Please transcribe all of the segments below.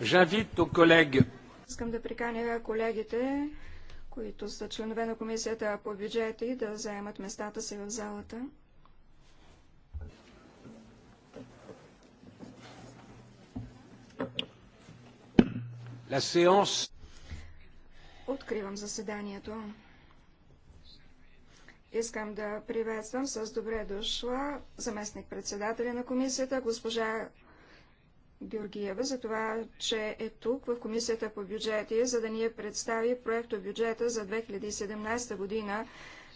Искам да приканя колегите, които са членове на комисията по бюджети, да заемат местата си в залата. Откривам заседанието. Искам да приветствам с добре дошла заместник председателя на комисията, госпожа Георгиева за това, че е тук в Комисията по бюджети, за да ни я представи проекто бюджета за 2017 година,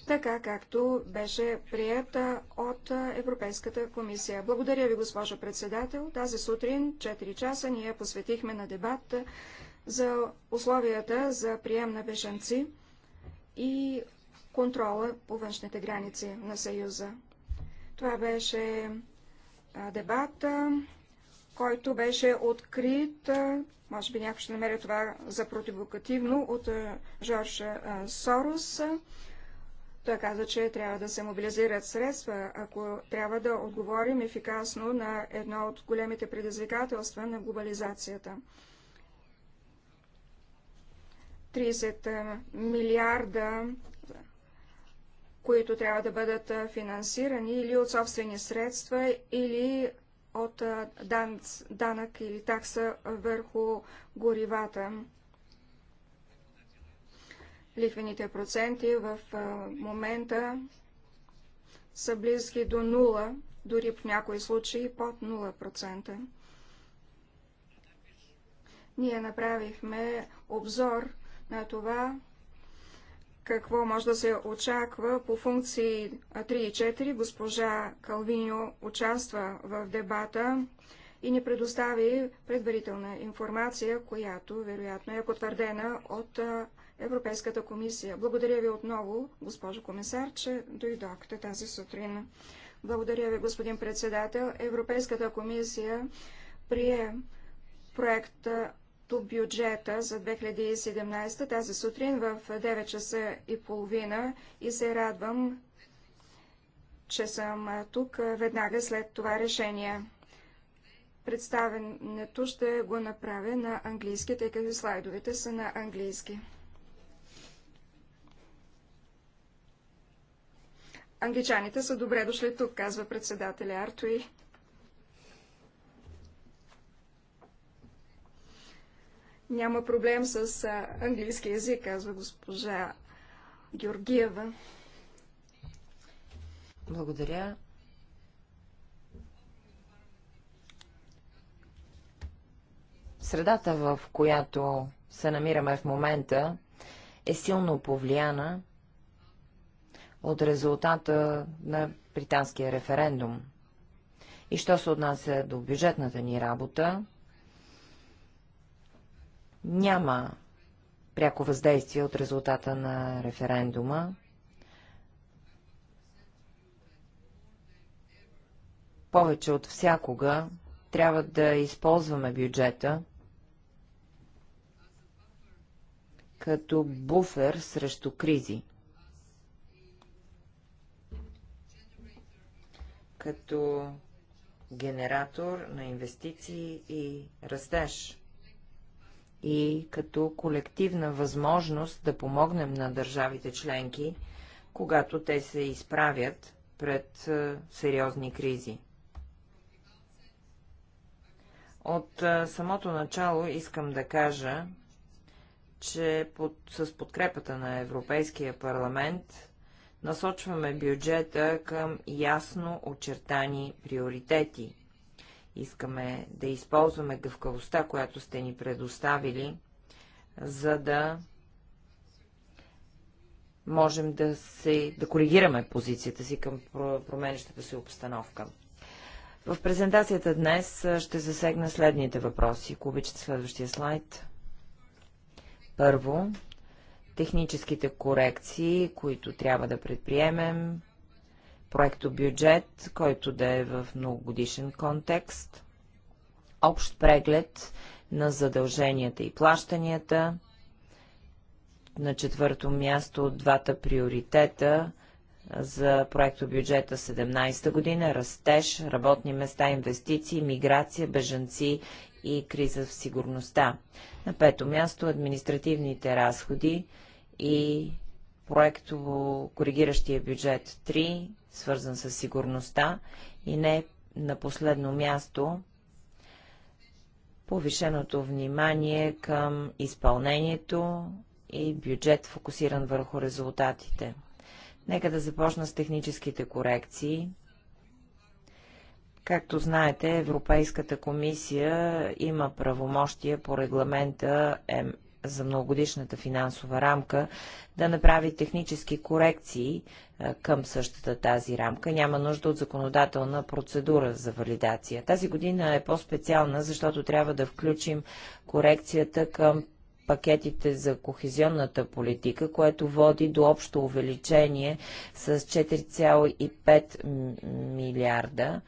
така както беше прията от Европейската комисия. Благодаря ви, госпожо председател. Тази сутрин 4 часа ние посветихме на дебат за условията за прием на бежанци и контрола по външните граници на Съюза. Това беше дебата който беше открит, може би някой ще намери това за противокативно, от Жорж Сорос. Той каза, че трябва да се мобилизират средства, ако трябва да отговорим ефикасно на едно от големите предизвикателства на глобализацията. 30 милиарда, които трябва да бъдат финансирани или от собствени средства, или от данък или такса върху горивата. Лихвените проценти в момента са близки до 0, дори в някои случаи под 0%. Ние направихме обзор на това, какво може да се очаква по функции 3 и 4. Госпожа Калвиньо участва в дебата и ни предостави предварителна информация, която вероятно е потвърдена от Европейската комисия. Благодаря ви отново, госпожо комисар, че дойдохте тази сутрин. Благодаря ви, господин председател. Европейската комисия прие проекта проекто бюджета за 2017 тази сутрин в 9 часа и половина и се радвам, че съм тук веднага след това решение. Представенето ще го направя на английски, тъй като слайдовете са на английски. Англичаните са добре дошли тук, казва председателя Артуи. Няма проблем с английски язик, казва госпожа Георгиева. Благодаря. Средата, в която се намираме в момента, е силно повлияна от резултата на британския референдум. И що се отнася до бюджетната ни работа, няма пряко въздействие от резултата на референдума. Повече от всякога трябва да използваме бюджета като буфер срещу кризи. като генератор на инвестиции и растеж и като колективна възможност да помогнем на държавите членки, когато те се изправят пред е, сериозни кризи. От е, самото начало искам да кажа, че под, с подкрепата на Европейския парламент насочваме бюджета към ясно очертани приоритети Искаме да използваме гъвкавостта, която сте ни предоставили, за да можем да, се, да коригираме позицията си към променещата се обстановка. В презентацията днес ще засегна следните въпроси. Ако обичате следващия слайд. Първо, техническите корекции, които трябва да предприемем проекто бюджет, който да е в многогодишен контекст, общ преглед на задълженията и плащанията, на четвърто място от двата приоритета за проекто бюджета 17 година – растеж, работни места, инвестиции, миграция, бежанци и криза в сигурността. На пето място – административните разходи и проекто коригиращия бюджет 3, свързан с сигурността и не на последно място повишеното внимание към изпълнението и бюджет фокусиран върху резултатите. Нека да започна с техническите корекции. Както знаете, Европейската комисия има правомощия по регламента за многогодишната финансова рамка да направи технически корекции а, е, към същата тази рамка. Няма нужда от законодателна процедура за валидация. Тази година е по-специална, защото трябва да включим корекцията към пакетите за кохезионната политика, което води до общо увеличение с 4,5 милиарда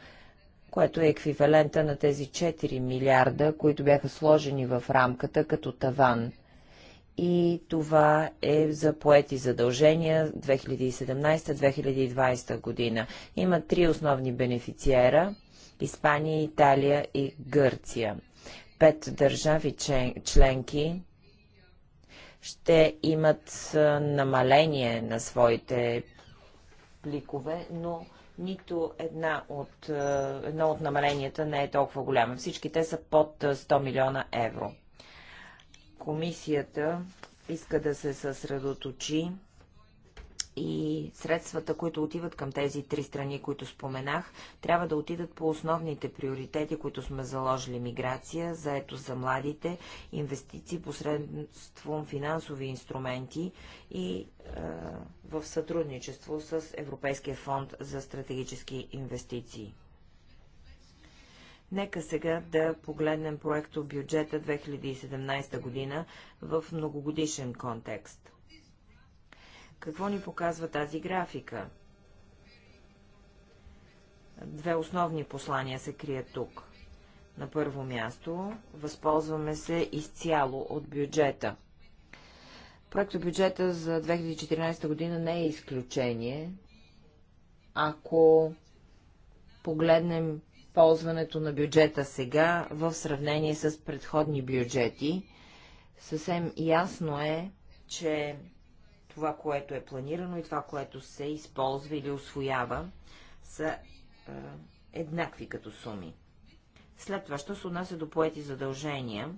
което е еквивалента на тези 4 милиарда, които бяха сложени в рамката като таван и това е за поети задължения 2017-2020 година. Има три основни бенефициера – Испания, Италия и Гърция. Пет държави членки ще имат намаление на своите пликове, но нито една от, едно от намаленията не е толкова голямо. Всички те са под 100 милиона евро. Комисията иска да се съсредоточи и средствата, които отиват към тези три страни, които споменах, трябва да отидат по основните приоритети, които сме заложили – миграция, заето за младите, инвестиции посредством финансови инструменти и е, в сътрудничество с Европейския фонд за стратегически инвестиции. Нека сега да погледнем проекто бюджета 2017 година в многогодишен контекст. Какво ни показва тази графика? Две основни послания се крият тук. На първо място, възползваме се изцяло от бюджета. Проекто бюджета за 2014 година не е изключение. Ако погледнем използването на бюджета сега в сравнение с предходни бюджети. Съвсем ясно е, че това, което е планирано и това, което се използва или освоява, са е, еднакви като суми. След това, що се отнася до поети задължения,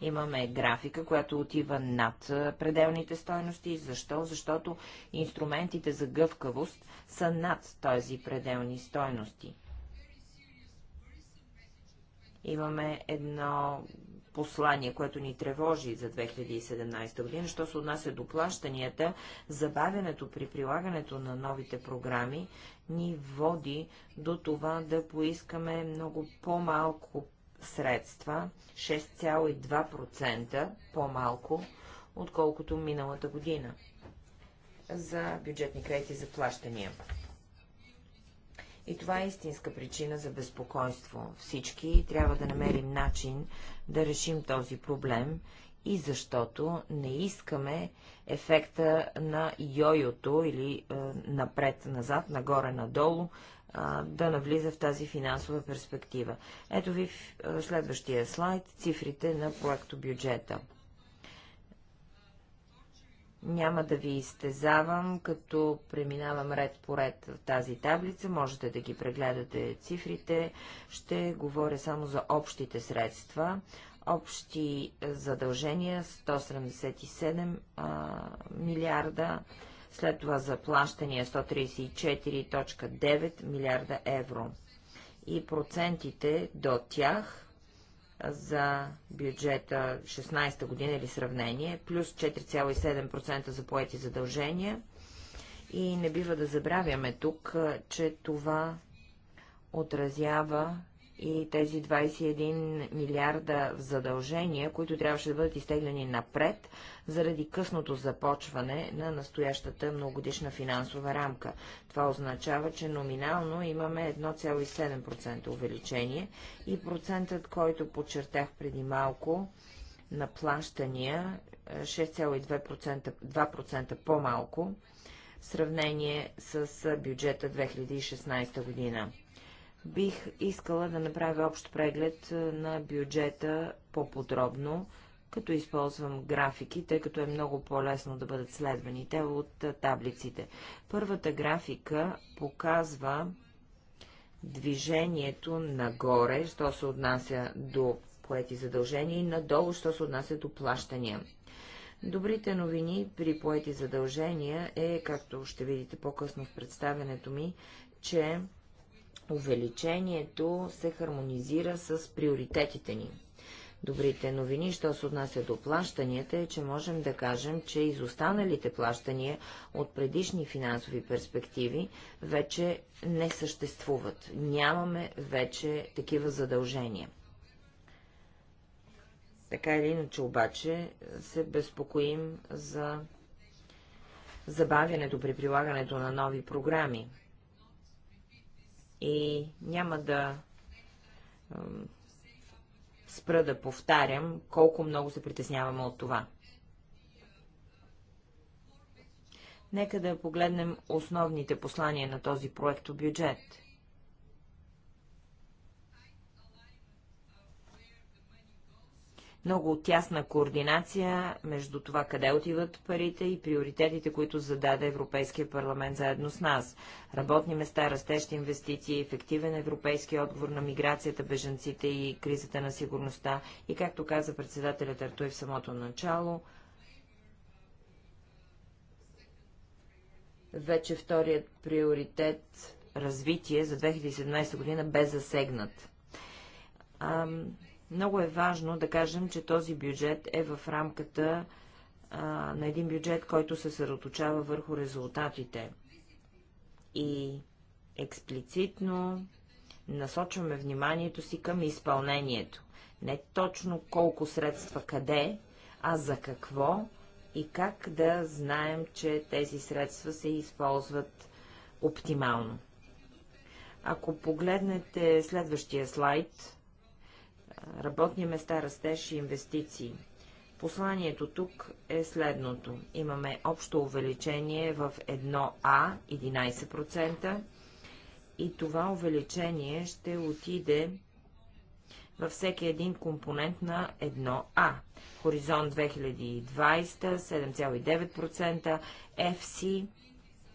имаме графика, която отива над пределните стойности. Защо? Защото инструментите за гъвкавост са над тези пределни стойности имаме едно послание, което ни тревожи за 2017 година, що се отнася до плащанията, забавянето при прилагането на новите програми ни води до това да поискаме много по-малко средства, 6,2% по-малко, отколкото миналата година за бюджетни кредити за плащания. И това е истинска причина за безпокойство. Всички трябва да намерим начин да решим този проблем и защото не искаме ефекта на йойото или е, напред-назад, нагоре-надолу, е, да навлиза в тази финансова перспектива. Ето ви в е, следващия слайд цифрите на проекто бюджета. Няма да ви изтезавам, като преминавам ред по ред в тази таблица. Можете да ги прегледате цифрите. Ще говоря само за общите средства. Общи е, задължения 177 а, милиарда, след това заплащания 134.9 милиарда евро. И процентите до тях за бюджета 16-та година или сравнение, плюс 4,7% за поети задължения. И не бива да забравяме тук, че това отразява и тези 21 милиарда задължения, които трябваше да бъдат изтегляни напред, заради късното започване на настоящата многогодишна финансова рамка. Това означава, че номинално имаме 1,7% увеличение и процентът, който подчертах преди малко, на плащания 6,2%, 2% по-малко, в сравнение с бюджета 2016 година. Бих искала да направя общ преглед на бюджета по-подробно, като използвам графики, тъй като е много по-лесно да бъдат следвани те от таблиците. Първата графика показва движението нагоре, що се отнася до поети задължения и надолу, що се отнася до плащания. Добрите новини при поети задължения е, както ще видите по-късно в представенето ми, че увеличението се хармонизира с приоритетите ни. Добрите новини, що се отнася до плащанията, е, че можем да кажем, че изостаналите плащания от предишни финансови перспективи вече не съществуват. Нямаме вече такива задължения. Така или иначе обаче се безпокоим за забавянето при прилагането на нови програми. И няма да спра да повтарям колко много се притесняваме от това. Нека да погледнем основните послания на този проект бюджет – много тясна координация между това къде отиват парите и приоритетите, които зададе Европейския парламент заедно с нас. Работни места, растещи инвестиции, ефективен европейски отговор на миграцията, беженците и кризата на сигурността и, както каза председателят Артуй в самото начало, вече вторият приоритет развитие за 2017 година бе засегнат. Много е важно да кажем, че този бюджет е в рамката а, на един бюджет, който се съсредоточава върху резултатите. И експлицитно насочваме вниманието си към изпълнението. Не точно колко средства къде, а за какво и как да знаем, че тези средства се използват оптимално. Ако погледнете следващия слайд, работни места, растеж и инвестиции. Посланието тук е следното. Имаме общо увеличение в 1А 11% и това увеличение ще отиде във всеки един компонент на 1А. Хоризонт 2020 7,9%, FC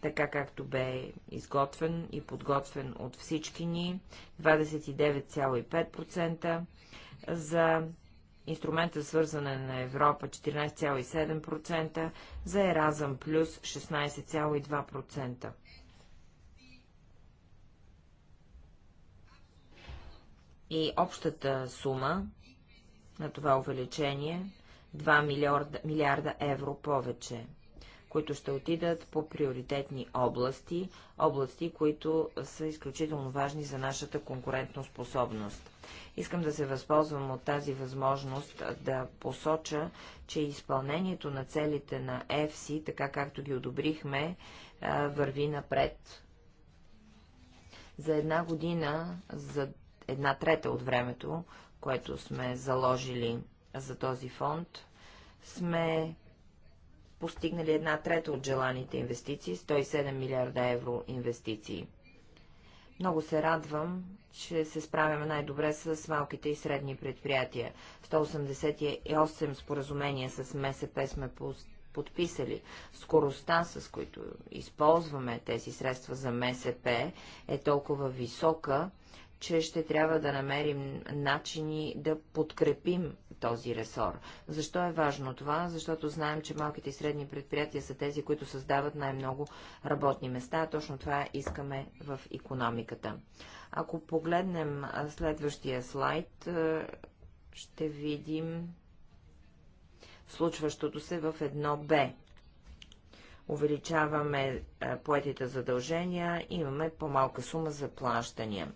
така както бе изготвен и подготвен от всички ни, 29,5%, за инструмента свързане на Европа 14,7%, за Еразъм плюс 16,2%. И общата сума на това увеличение 2 милиарда, милиарда евро повече които ще отидат по приоритетни области, области, които са изключително важни за нашата конкурентоспособност. Искам да се възползвам от тази възможност да посоча, че изпълнението на целите на ЕФСИ, така както ги одобрихме, върви напред. За една година, за една трета от времето, което сме заложили за този фонд, сме постигнали една трета от желаните инвестиции, 107 милиарда евро инвестиции. Много се радвам, че се справяме най-добре с малките и средни предприятия. 188 споразумения с МСП сме подписали. Скоростта, с които използваме тези средства за МСП, е толкова висока, че ще трябва да намерим начини да подкрепим този ресор. Защо е важно това? Защото знаем, че малките и средни предприятия са тези, които създават най-много работни места. Точно това искаме в економиката. Ако погледнем следващия слайд, ще видим случващото се в едно б Увеличаваме поетите задължения, имаме по-малка сума за плащания.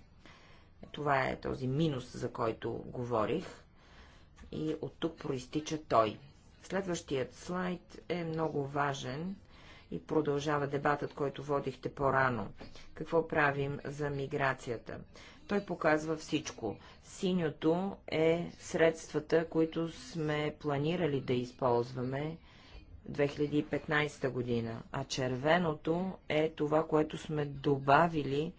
Това е този минус, за който говорих и от тук проистича той. Следващият слайд е много важен и продължава дебатът, който водихте по-рано. Какво правим за миграцията? Той показва всичко. Синьото е средствата, които сме планирали да използваме 2015 година, а червеното е това, което сме добавили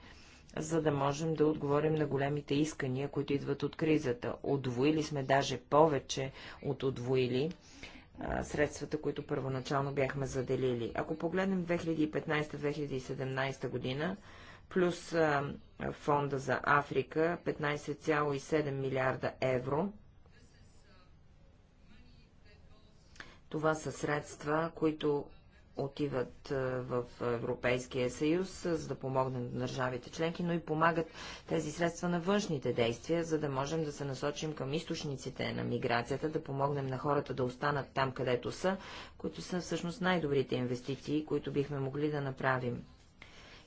за да можем да отговорим на големите искания, които идват от кризата. Отвоили сме даже повече от отвоили средствата, които първоначално бяхме заделили. Ако погледнем 2015-2017 година, плюс фонда за Африка 15,7 милиарда евро, това са средства, които отиват в Европейския съюз, за да помогнем на държавите членки, но и помагат тези средства на външните действия, за да можем да се насочим към източниците на миграцията, да помогнем на хората да останат там, където са, които са всъщност най-добрите инвестиции, които бихме могли да направим.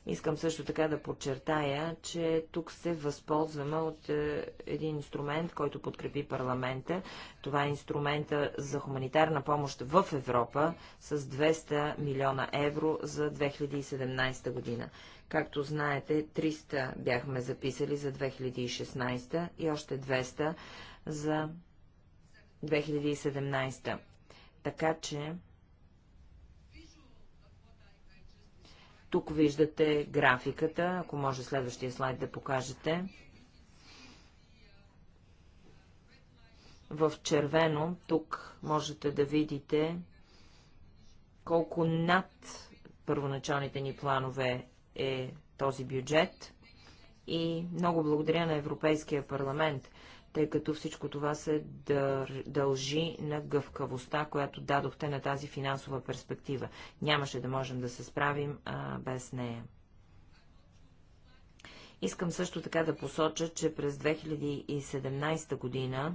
Искам също така да подчертая, че тук се възползваме от е, един инструмент, който подкрепи парламента. Това е инструмента за хуманитарна помощ в Европа с 200 милиона евро за 2017 година. Както знаете, 300 бяхме записали за 2016 и още 200 за 2017. Така че Тук виждате графиката, ако може следващия слайд да покажете. В червено тук можете да видите колко над първоначалните ни планове е този бюджет. И много благодаря на Европейския парламент, тъй като всичко това се дължи на гъвкавостта, която дадохте на тази финансова перспектива. Нямаше да можем да се справим а, без нея. Искам също така да посоча, че през 2017 година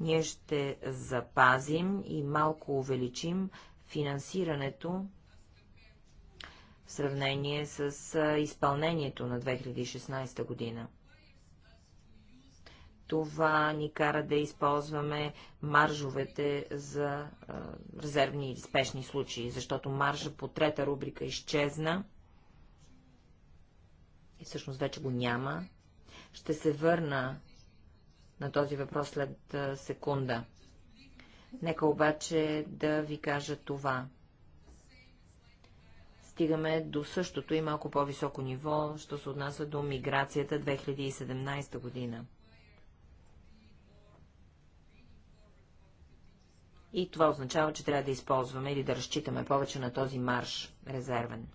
ние ще запазим и малко увеличим финансирането в сравнение с изпълнението на 2016 година. Това ни кара да използваме маржовете за а, резервни или спешни случаи, защото маржа по трета рубрика изчезна и всъщност вече го няма. Ще се върна на този въпрос след а, секунда. Нека обаче да ви кажа това. Стигаме до същото и малко по-високо ниво, що се отнася до миграцията 2017 година. И това означава, че трябва да използваме или да разчитаме повече на този марш резервен.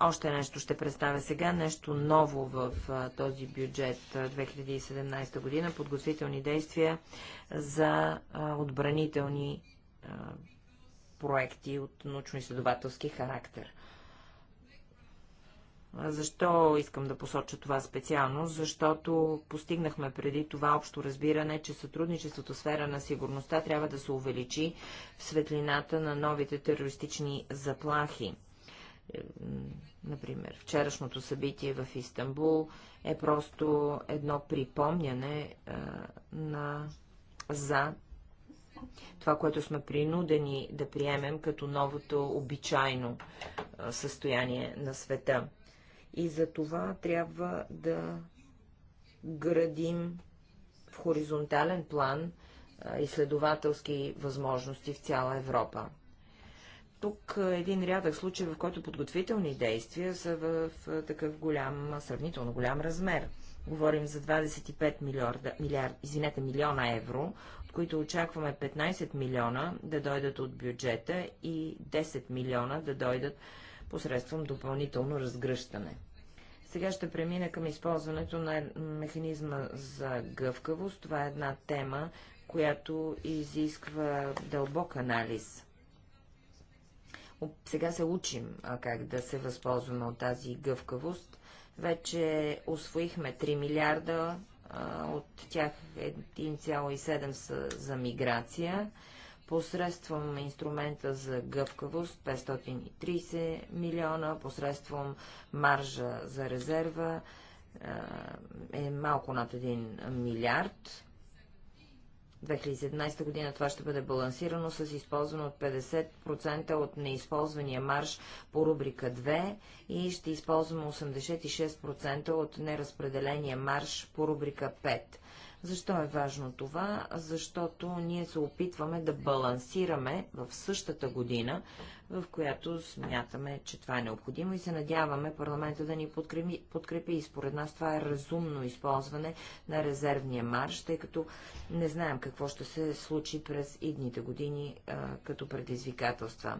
Още нещо ще представя сега, нещо ново в този бюджет 2017 година, подготвителни действия за отбранителни проекти от научно-изследователски характер. Защо искам да посоча това специално? Защото постигнахме преди това общо разбиране, че сътрудничеството в сфера на сигурността трябва да се увеличи в светлината на новите терористични заплахи. Е, например, вчерашното събитие в Истанбул е просто едно припомняне а, е, на, за това, което сме принудени да приемем като новото обичайно е, състояние на света. И за това трябва да градим в хоризонтален план изследователски възможности в цяла Европа. Тук един рядък случай, в който подготвителни действия са в такъв голям, сравнително голям размер. Говорим за 25 милиарда, милиар, извинете, милиона евро, от които очакваме 15 милиона да дойдат от бюджета и 10 милиона да дойдат посредством допълнително разгръщане. Сега ще премина към използването на механизма за гъвкавост. Това е една тема, която изисква дълбок анализ. Сега се учим как да се възползваме от тази гъвкавост. Вече освоихме 3 милиарда, от тях 1,7 са за миграция посредством инструмента за гъвкавост 530 милиона, посредством маржа за резерва е малко над 1 милиард. 2017 година това ще бъде балансирано с използване от 50% от неизползвания марш по рубрика 2 и ще използваме 86% от неразпределения марш по рубрика 5. Защо е важно това? Защото ние се опитваме да балансираме в същата година, в която смятаме, че това е необходимо и се надяваме парламента да ни подкрепи. подкрепи. И според нас това е разумно използване на резервния марш, тъй като не знаем какво ще се случи през идните години а, като предизвикателства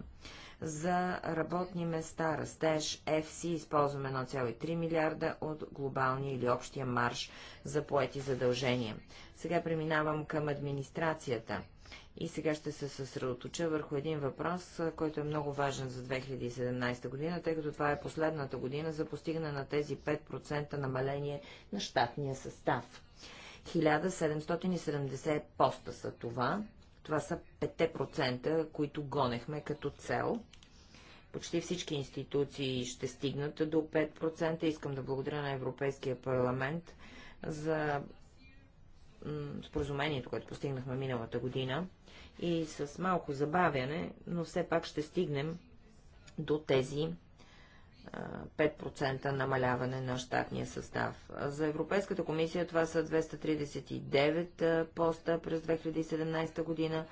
за работни места, растеж, FC, използваме 1,3 милиарда от глобалния или общия марш за поети задължения. Сега преминавам към администрацията. И сега ще се съсредоточа върху един въпрос, който е много важен за 2017 година, тъй като това е последната година за постигане на тези 5% намаление на щатния състав. 1770 поста са това, това са 5%, които гонехме като цел. Почти всички институции ще стигнат до 5%. Искам да благодаря на Европейския парламент за споразумението, което постигнахме миналата година и с малко забавяне, но все пак ще стигнем до тези 5% намаляване на щатния състав. За Европейската комисия това са 239 поста през 2017 година,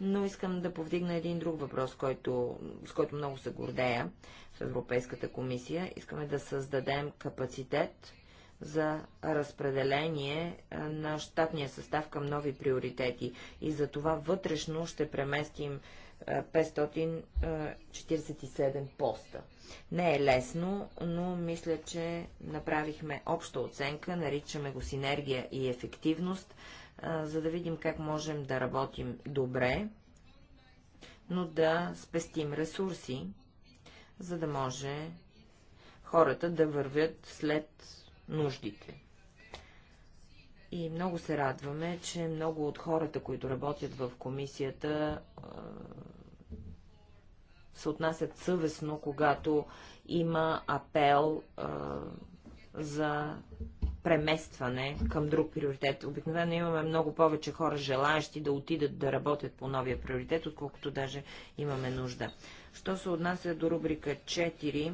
но искам да повдигна един друг въпрос, който, с който много се гордея в Европейската комисия. Искаме да създадем капацитет за разпределение на щатния състав към нови приоритети и за това вътрешно ще преместим 547 поста. Не е лесно, но мисля, че направихме обща оценка, наричаме го синергия и ефективност, за да видим как можем да работим добре, но да спестим ресурси, за да може хората да вървят след нуждите. И много се радваме, че много от хората, които работят в комисията, се отнасят съвестно, когато има апел а, за преместване към друг приоритет. Обикновено имаме много повече хора желаящи да отидат да работят по новия приоритет, отколкото даже имаме нужда. Що се отнася до рубрика 4,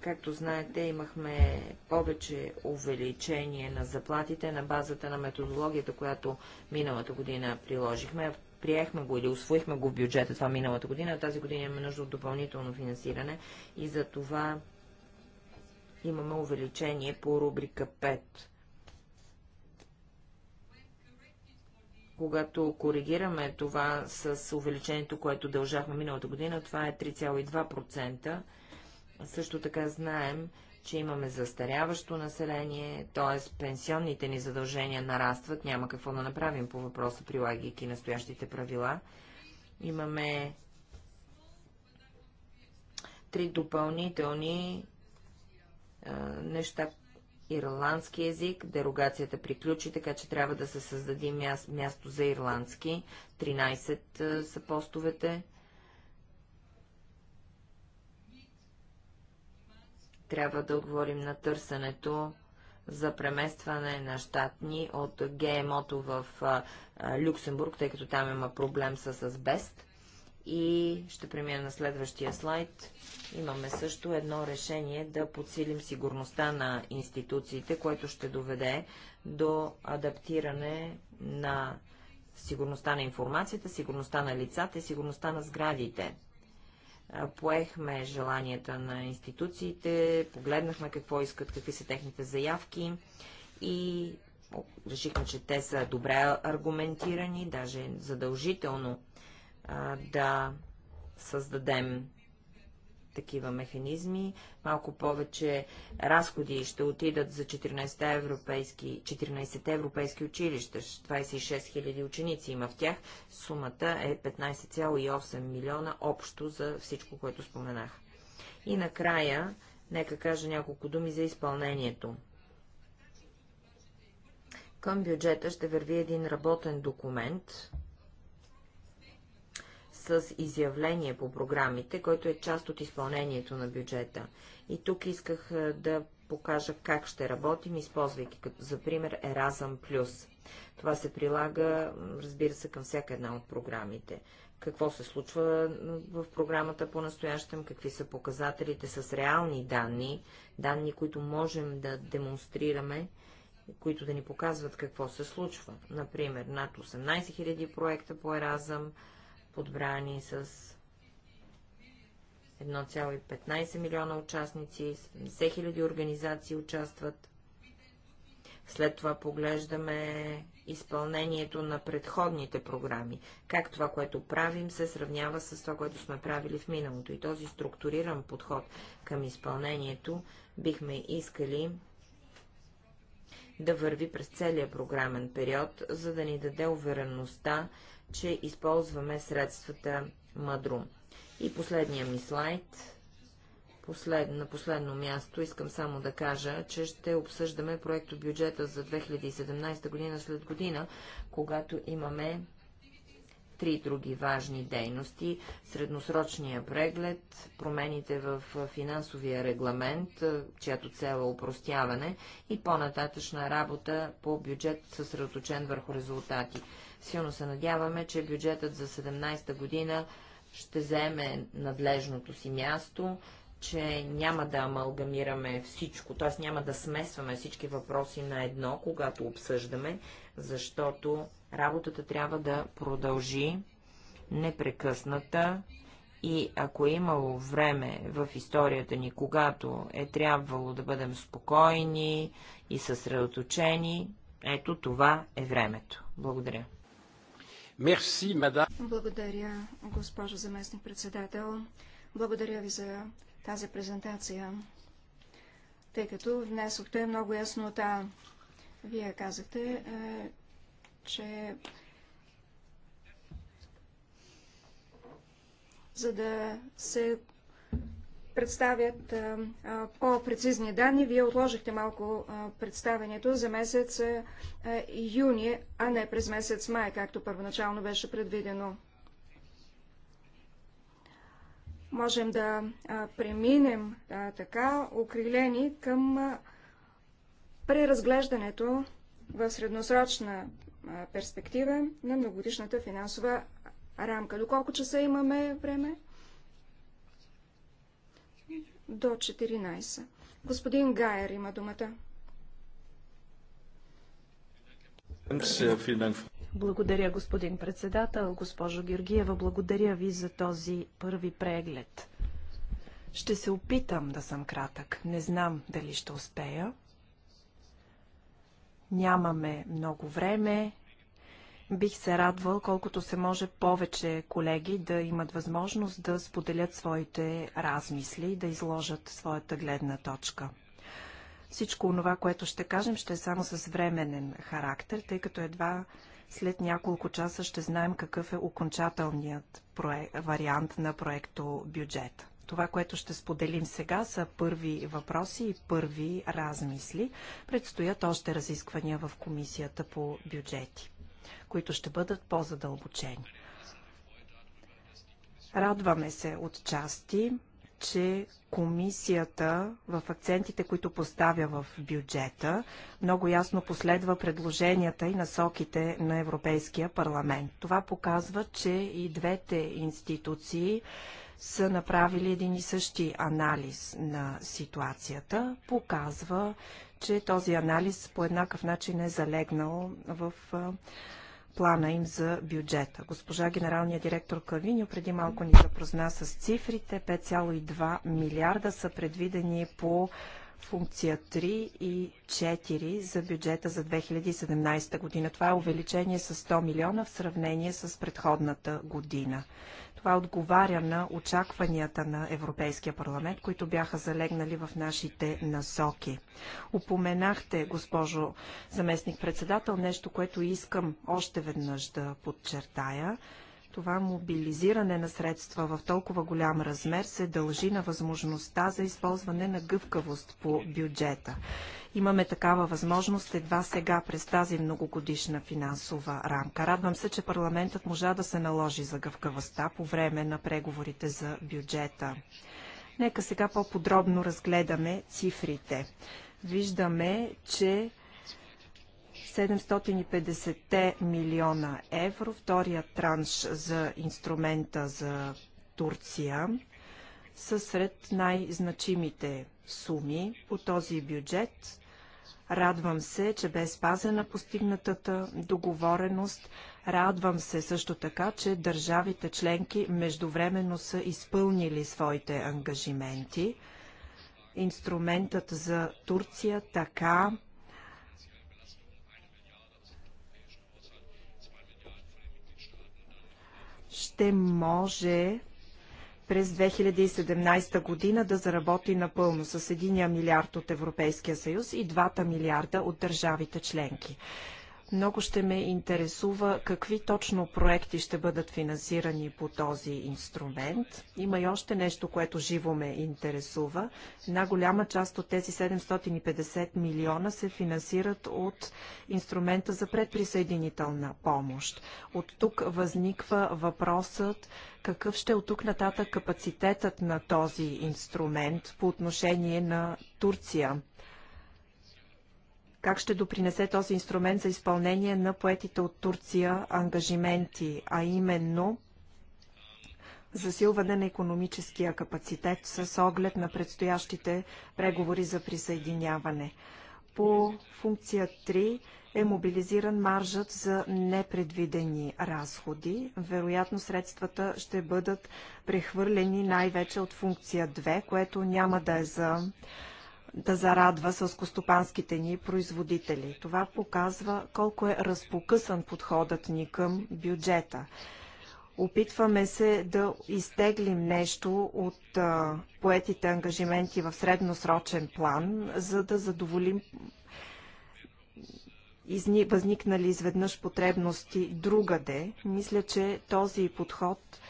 Както знаете, имахме повече увеличение на заплатите на базата на методологията, която миналата година приложихме приехме го или освоихме го в бюджета това миналата година, тази година имаме нужда от допълнително финансиране и за това имаме увеличение по рубрика 5. Когато коригираме това с увеличението, което дължахме миналата година, това е 3,2%. Също така знаем, че имаме застаряващо население, т.е. пенсионните ни задължения нарастват, няма какво да направим по въпроса, прилагайки настоящите правила. Имаме три допълнителни неща. Ирландски език, дерогацията приключи, така че трябва да се създаде място за ирландски. 13 са постовете. Трябва да отговорим на търсенето за преместване на щатни от ГМО-то в а, Люксембург, тъй като там има проблем с азбест. И ще премина на следващия слайд. Имаме също едно решение да подсилим сигурността на институциите, което ще доведе до адаптиране на сигурността на информацията, сигурността на лицата и сигурността на сградите поехме желанията на институциите, погледнахме какво искат, какви са техните заявки и решихме, че те са добре аргументирани, даже задължително да създадем такива механизми. Малко повече разходи ще отидат за 14 европейски, 14 европейски училища. 26 000 ученици има в тях. Сумата е 15,8 милиона общо за всичко, което споменах. И накрая, нека кажа няколко думи за изпълнението. Към бюджета ще върви един работен документ, с изявление по програмите, който е част от изпълнението на бюджета. И тук исках да покажа как ще работим, използвайки като, за пример Erasm+. Това се прилага, разбира се, към всяка една от програмите. Какво се случва в програмата по-настоящем, какви са показателите с реални данни, данни, които можем да демонстрираме, които да ни показват какво се случва. Например, над 18 000 проекта по Еразъм, подбрани с 1,15 милиона участници, 70 хиляди организации участват. След това поглеждаме изпълнението на предходните програми, как това, което правим, се сравнява с това, което сме правили в миналото. И този структуриран подход към изпълнението бихме искали да върви през целия програмен период, за да ни даде увереността, че използваме средствата мъдро. И последния ми слайд. Послед, на последно място искам само да кажа, че ще обсъждаме проекто бюджета за 2017 година след година, когато имаме три други важни дейности – средносрочния преглед, промените в финансовия регламент, чиято цел е упростяване и по-нататъчна работа по бюджет съсредоточен върху резултати. Силно се надяваме, че бюджетът за 17-та година ще заеме надлежното си място, че няма да амалгамираме всичко, т.е. няма да смесваме всички въпроси на едно, когато обсъждаме, защото работата трябва да продължи непрекъсната и ако е имало време в историята ни, когато е трябвало да бъдем спокойни и съсредоточени, ето това е времето. Благодаря. Мерси, мадам. Благодаря, госпожо заместник председател. Благодаря ви за тази презентация, тъй като внесохте много яснота. Вие казахте, е, че за да се представят по-прецизни данни. Вие отложихте малко представенето за месец юни, а не през месец май, както първоначално беше предвидено. Можем да преминем така окрилени към преразглеждането в средносрочна перспектива на многодишната финансова рамка. Доколко часа имаме време? до 14. Господин Гайер има думата. Благодаря, господин председател. Госпожо Георгиева, благодаря ви за този първи преглед. Ще се опитам да съм кратък. Не знам дали ще успея. Нямаме много време. Бих се радвал колкото се може повече колеги да имат възможност да споделят своите размисли, да изложат своята гледна точка. Всичко това, което ще кажем, ще е само с временен характер, тъй като едва след няколко часа ще знаем какъв е окончателният проект, вариант на проекто бюджет. Това, което ще споделим сега, са първи въпроси и първи размисли. Предстоят още разисквания в Комисията по бюджети които ще бъдат по-задълбочени. Радваме се от части, че комисията в акцентите, които поставя в бюджета, много ясно последва предложенията и насоките на Европейския парламент. Това показва, че и двете институции са направили един и същи анализ на ситуацията. Показва, че този анализ по еднакъв начин е залегнал в плана им за бюджета. Госпожа генералния директор Кавиньо преди малко ни запозна с цифрите. 5,2 милиарда са предвидени по функция 3 и 4 за бюджета за 2017 година. Това е увеличение с 100 милиона в сравнение с предходната година. Това отговаря на очакванията на Европейския парламент, които бяха залегнали в нашите насоки. Упоменахте, госпожо заместник-председател, нещо, което искам още веднъж да подчертая – това мобилизиране на средства в толкова голям размер се дължи на възможността за използване на гъвкавост по бюджета. Имаме такава възможност едва сега през тази многогодишна финансова рамка. Радвам се, че парламентът можа да се наложи за гъвкавостта по време на преговорите за бюджета. Нека сега по-подробно разгледаме цифрите. Виждаме, че 750 милиона евро, втория транш за инструмента за Турция са сред най-значимите суми по този бюджет. Радвам се, че бе спазена постигнатата договореност. Радвам се също така, че държавите членки междувременно са изпълнили своите ангажименти. Инструментът за Турция така ще може през 2017 година да заработи напълно с 1 милиард от Европейския съюз и 2 милиарда от държавите членки. Много ще ме интересува какви точно проекти ще бъдат финансирани по този инструмент. Има и още нещо, което живо ме интересува. Една голяма част от тези 750 милиона се финансират от инструмента за предприсъединителна помощ. От тук възниква въпросът какъв ще е от тук нататък капацитетът на този инструмент по отношение на Турция как ще допринесе този инструмент за изпълнение на поетите от Турция ангажименти, а именно засилване на економическия капацитет с оглед на предстоящите преговори за присъединяване. По функция 3 е мобилизиран маржът за непредвидени разходи. Вероятно средствата ще бъдат прехвърлени най-вече от функция 2, което няма да е за да зарадва сълскостопанските ни производители. Това показва колко е разпокъсан подходът ни към бюджета. Опитваме се да изтеглим нещо от а, поетите ангажименти в средносрочен план, за да задоволим изни, възникнали изведнъж потребности другаде. Мисля, че този подход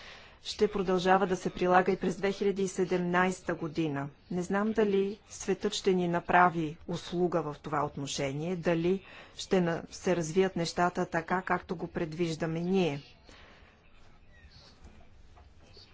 ще продължава да се прилага и през 2017 година. Не знам дали светът ще ни направи услуга в това отношение, дали ще се развият нещата така, както го предвиждаме ние.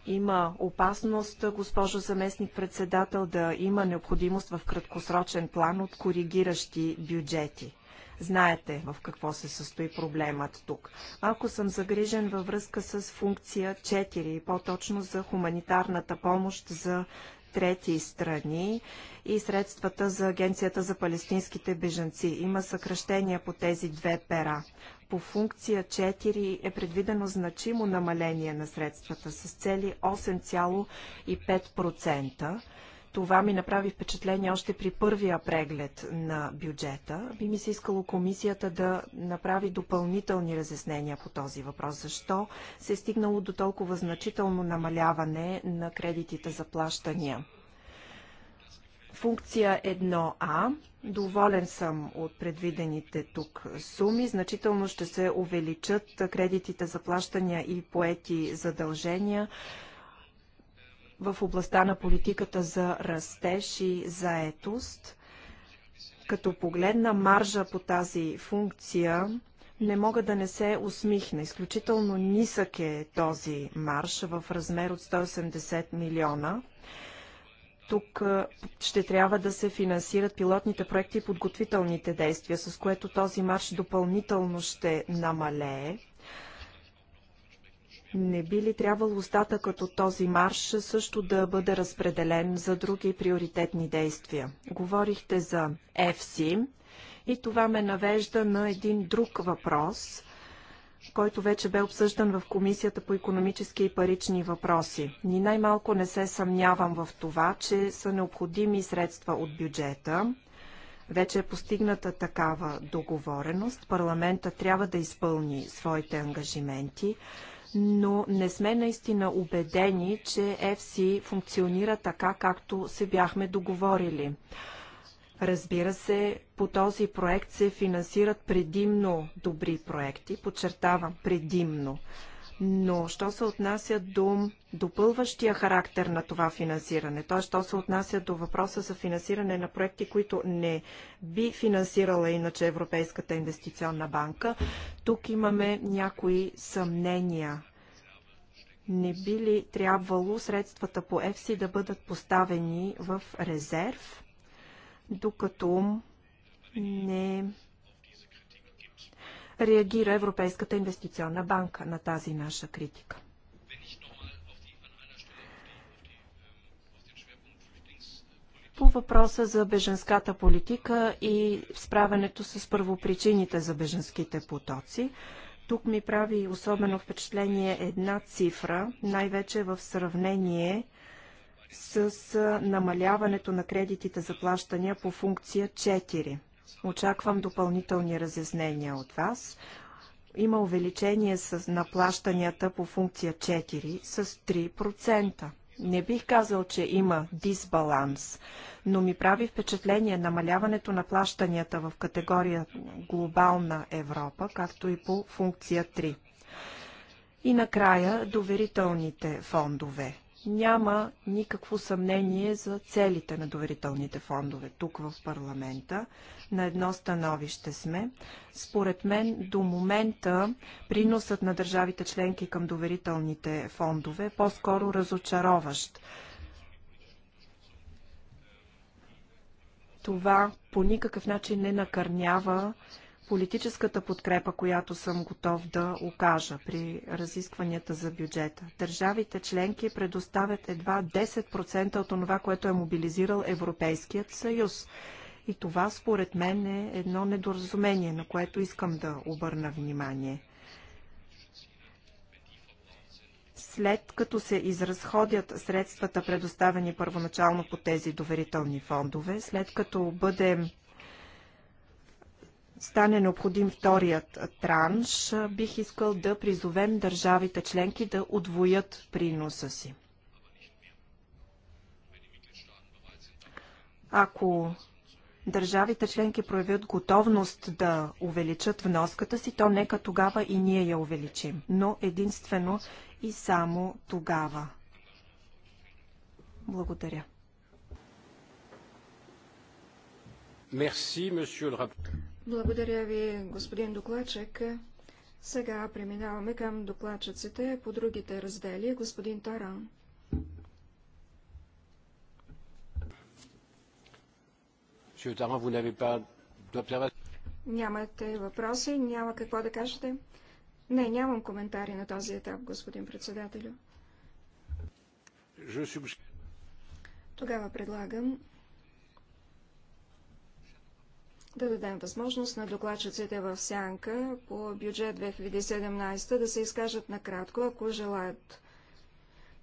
Има опасност, госпожо заместник-председател, да има необходимост в краткосрочен план от коригиращи бюджети. Знаете в какво се състои проблемът тук. Ако съм загрижен във връзка с функция 4 и по-точно за хуманитарната помощ за трети страни и средствата за Агенцията за палестинските бежанци. Има съкръщения по тези две пера. По функция 4 е предвидено значимо намаление на средствата с цели 8,5%. Това ми направи впечатление още при първия преглед на бюджета. Би ми се искало комисията да направи допълнителни разяснения по този въпрос. Защо се е стигнало до толкова значително намаляване на кредитите за плащания? Функция 1А. Доволен съм от предвидените тук суми. Значително ще се увеличат кредитите за плащания и поети задължения в областта на политиката за растеж и заетост. Като погледна маржа по тази функция, не мога да не се усмихна. Изключително нисък е този марш в размер от 180 милиона. Тук ще трябва да се финансират пилотните проекти и подготвителните действия, с което този марш допълнително ще намалее. Не би ли трябвало остатъкът от този марш също да бъде разпределен за други приоритетни действия? Говорихте за FC и това ме навежда на един друг въпрос, който вече бе обсъждан в Комисията по економически и парични въпроси. Ни най-малко не се съмнявам в това, че са необходими средства от бюджета, вече е постигната такава договореност. Парламента трябва да изпълни своите ангажименти но не сме наистина убедени, че FC функционира така, както се бяхме договорили. Разбира се, по този проект се финансират предимно добри проекти, подчертавам предимно. Но, що се отнася до допълващия характер на това финансиране, т.е. що се отнася до въпроса за финансиране на проекти, които не би финансирала иначе Европейската инвестиционна банка, тук имаме някои съмнения не би ли трябвало средствата по ЕФСИ да бъдат поставени в резерв, докато не реагира Европейската инвестиционна банка на тази наша критика. По въпроса за беженската политика и справянето с първопричините за беженските потоци, тук ми прави особено впечатление една цифра, най-вече в сравнение с намаляването на кредитите за плащания по функция 4. Очаквам допълнителни разяснения от вас. Има увеличение с наплащанията по функция 4 с 3%. Не бих казал, че има дисбаланс, но ми прави впечатление намаляването на плащанията в категория глобална Европа, както и по функция 3. И накрая доверителните фондове няма никакво съмнение за целите на доверителните фондове тук в парламента. На едно становище сме. Според мен до момента приносът на държавите членки към доверителните фондове е по-скоро разочароващ. Това по никакъв начин не накърнява политическата подкрепа, която съм готов да окажа при разискванията за бюджета. Държавите членки предоставят едва 10% от това, което е мобилизирал Европейският съюз. И това, според мен, е едно недоразумение, на което искам да обърна внимание. След като се изразходят средствата, предоставени първоначално по тези доверителни фондове, след като бъде стане необходим вторият транш, бих искал да призовем държавите членки да отвоят приноса си. Ако държавите членки проявят готовност да увеличат вноската си, то нека тогава и ние я увеличим. Но единствено и само тогава. Благодаря. Merci, благодаря ви, господин докладчик. Сега преминаваме към докладчиците по другите раздели. Господин Таран. Нямате въпроси? Няма какво да кажете? Не, нямам коментари на този етап, господин председателю. Тогава предлагам да дадем възможност на докладчиците в Сянка по бюджет 2017 да се изкажат накратко, ако желаят.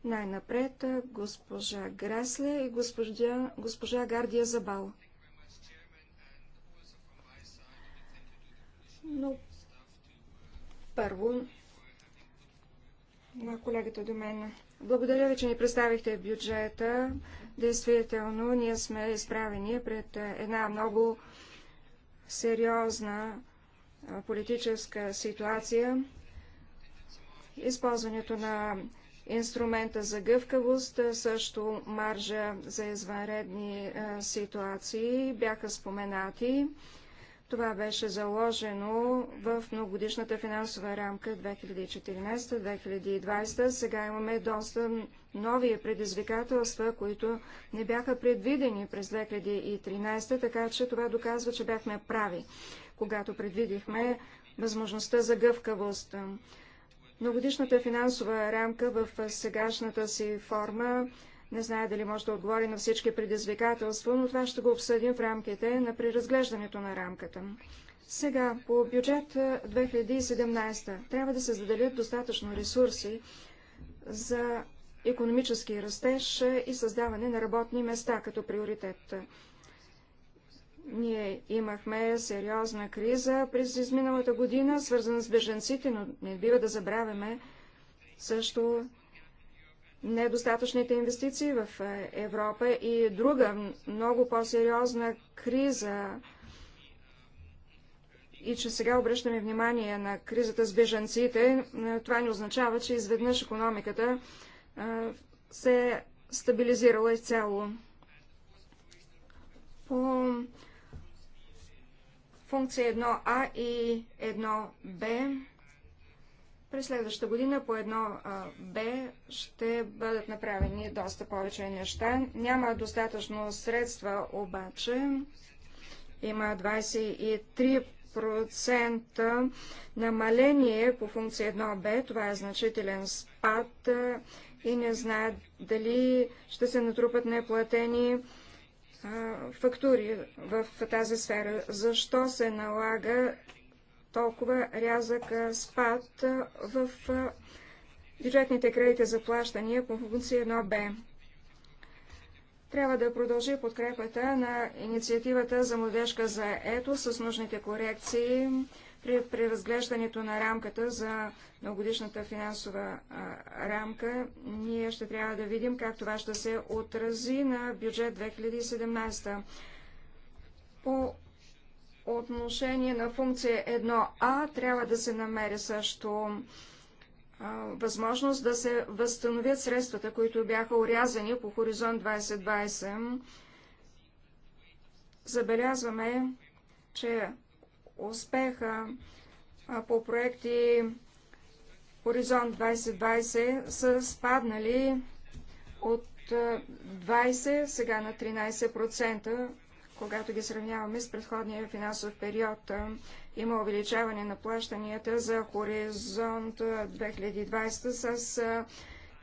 Най-напред госпожа Гресле и госпожа, госпожа Гардия Забал. Но първо на колегата до мен. Благодаря ви, че ни представихте бюджета. Действително, ние сме изправени пред една много сериозна политическа ситуация. Използването на инструмента за гъвкавост, също маржа за извънредни ситуации бяха споменати. Това беше заложено в многогодишната финансова рамка 2014-2020. Сега имаме доста нови предизвикателства, които не бяха предвидени през 2013, така че това доказва, че бяхме прави, когато предвидихме възможността за гъвкавост. Многодишната финансова рамка в сегашната си форма не зная дали може да отговори на всички предизвикателства, но това ще го обсъдим в рамките на преразглеждането на рамката. Сега, по бюджет 2017 трябва да се заделят достатъчно ресурси за економически растеж и създаване на работни места като приоритет. Ние имахме сериозна криза през изминалата година, свързана с беженците, но не бива да забравяме също, недостатъчните инвестиции в е, Европа и друга много по-сериозна криза и че сега обръщаме внимание на кризата с бежанците, е, това не означава, че изведнъж економиката е, се е стабилизирала изцяло. По функция 1А и 1Б през следващата година по едно Б ще бъдат направени доста повече неща. Няма достатъчно средства, обаче има 23% намаление по функция 1Б. Това е значителен спад и не знаят дали ще се натрупат неплатени фактури в тази сфера. Защо се налага толкова рязък спад в бюджетните кредити за плащания по функция 1Б. Трябва да продължи подкрепата на инициативата за младежка за ето с нужните корекции при преразглеждането на рамката за многодишната финансова а, рамка. Ние ще трябва да видим как това ще се отрази на бюджет 2017. По отношение на функция 1а трябва да се намери също а, възможност да се възстановят средствата, които бяха урязани по Хоризонт 2020. Забелязваме, че успеха а, по проекти Хоризонт 2020 са спаднали от 20 сега на 13% когато ги сравняваме с предходния финансов период. Има увеличаване на плащанията за хоризонт 2020 с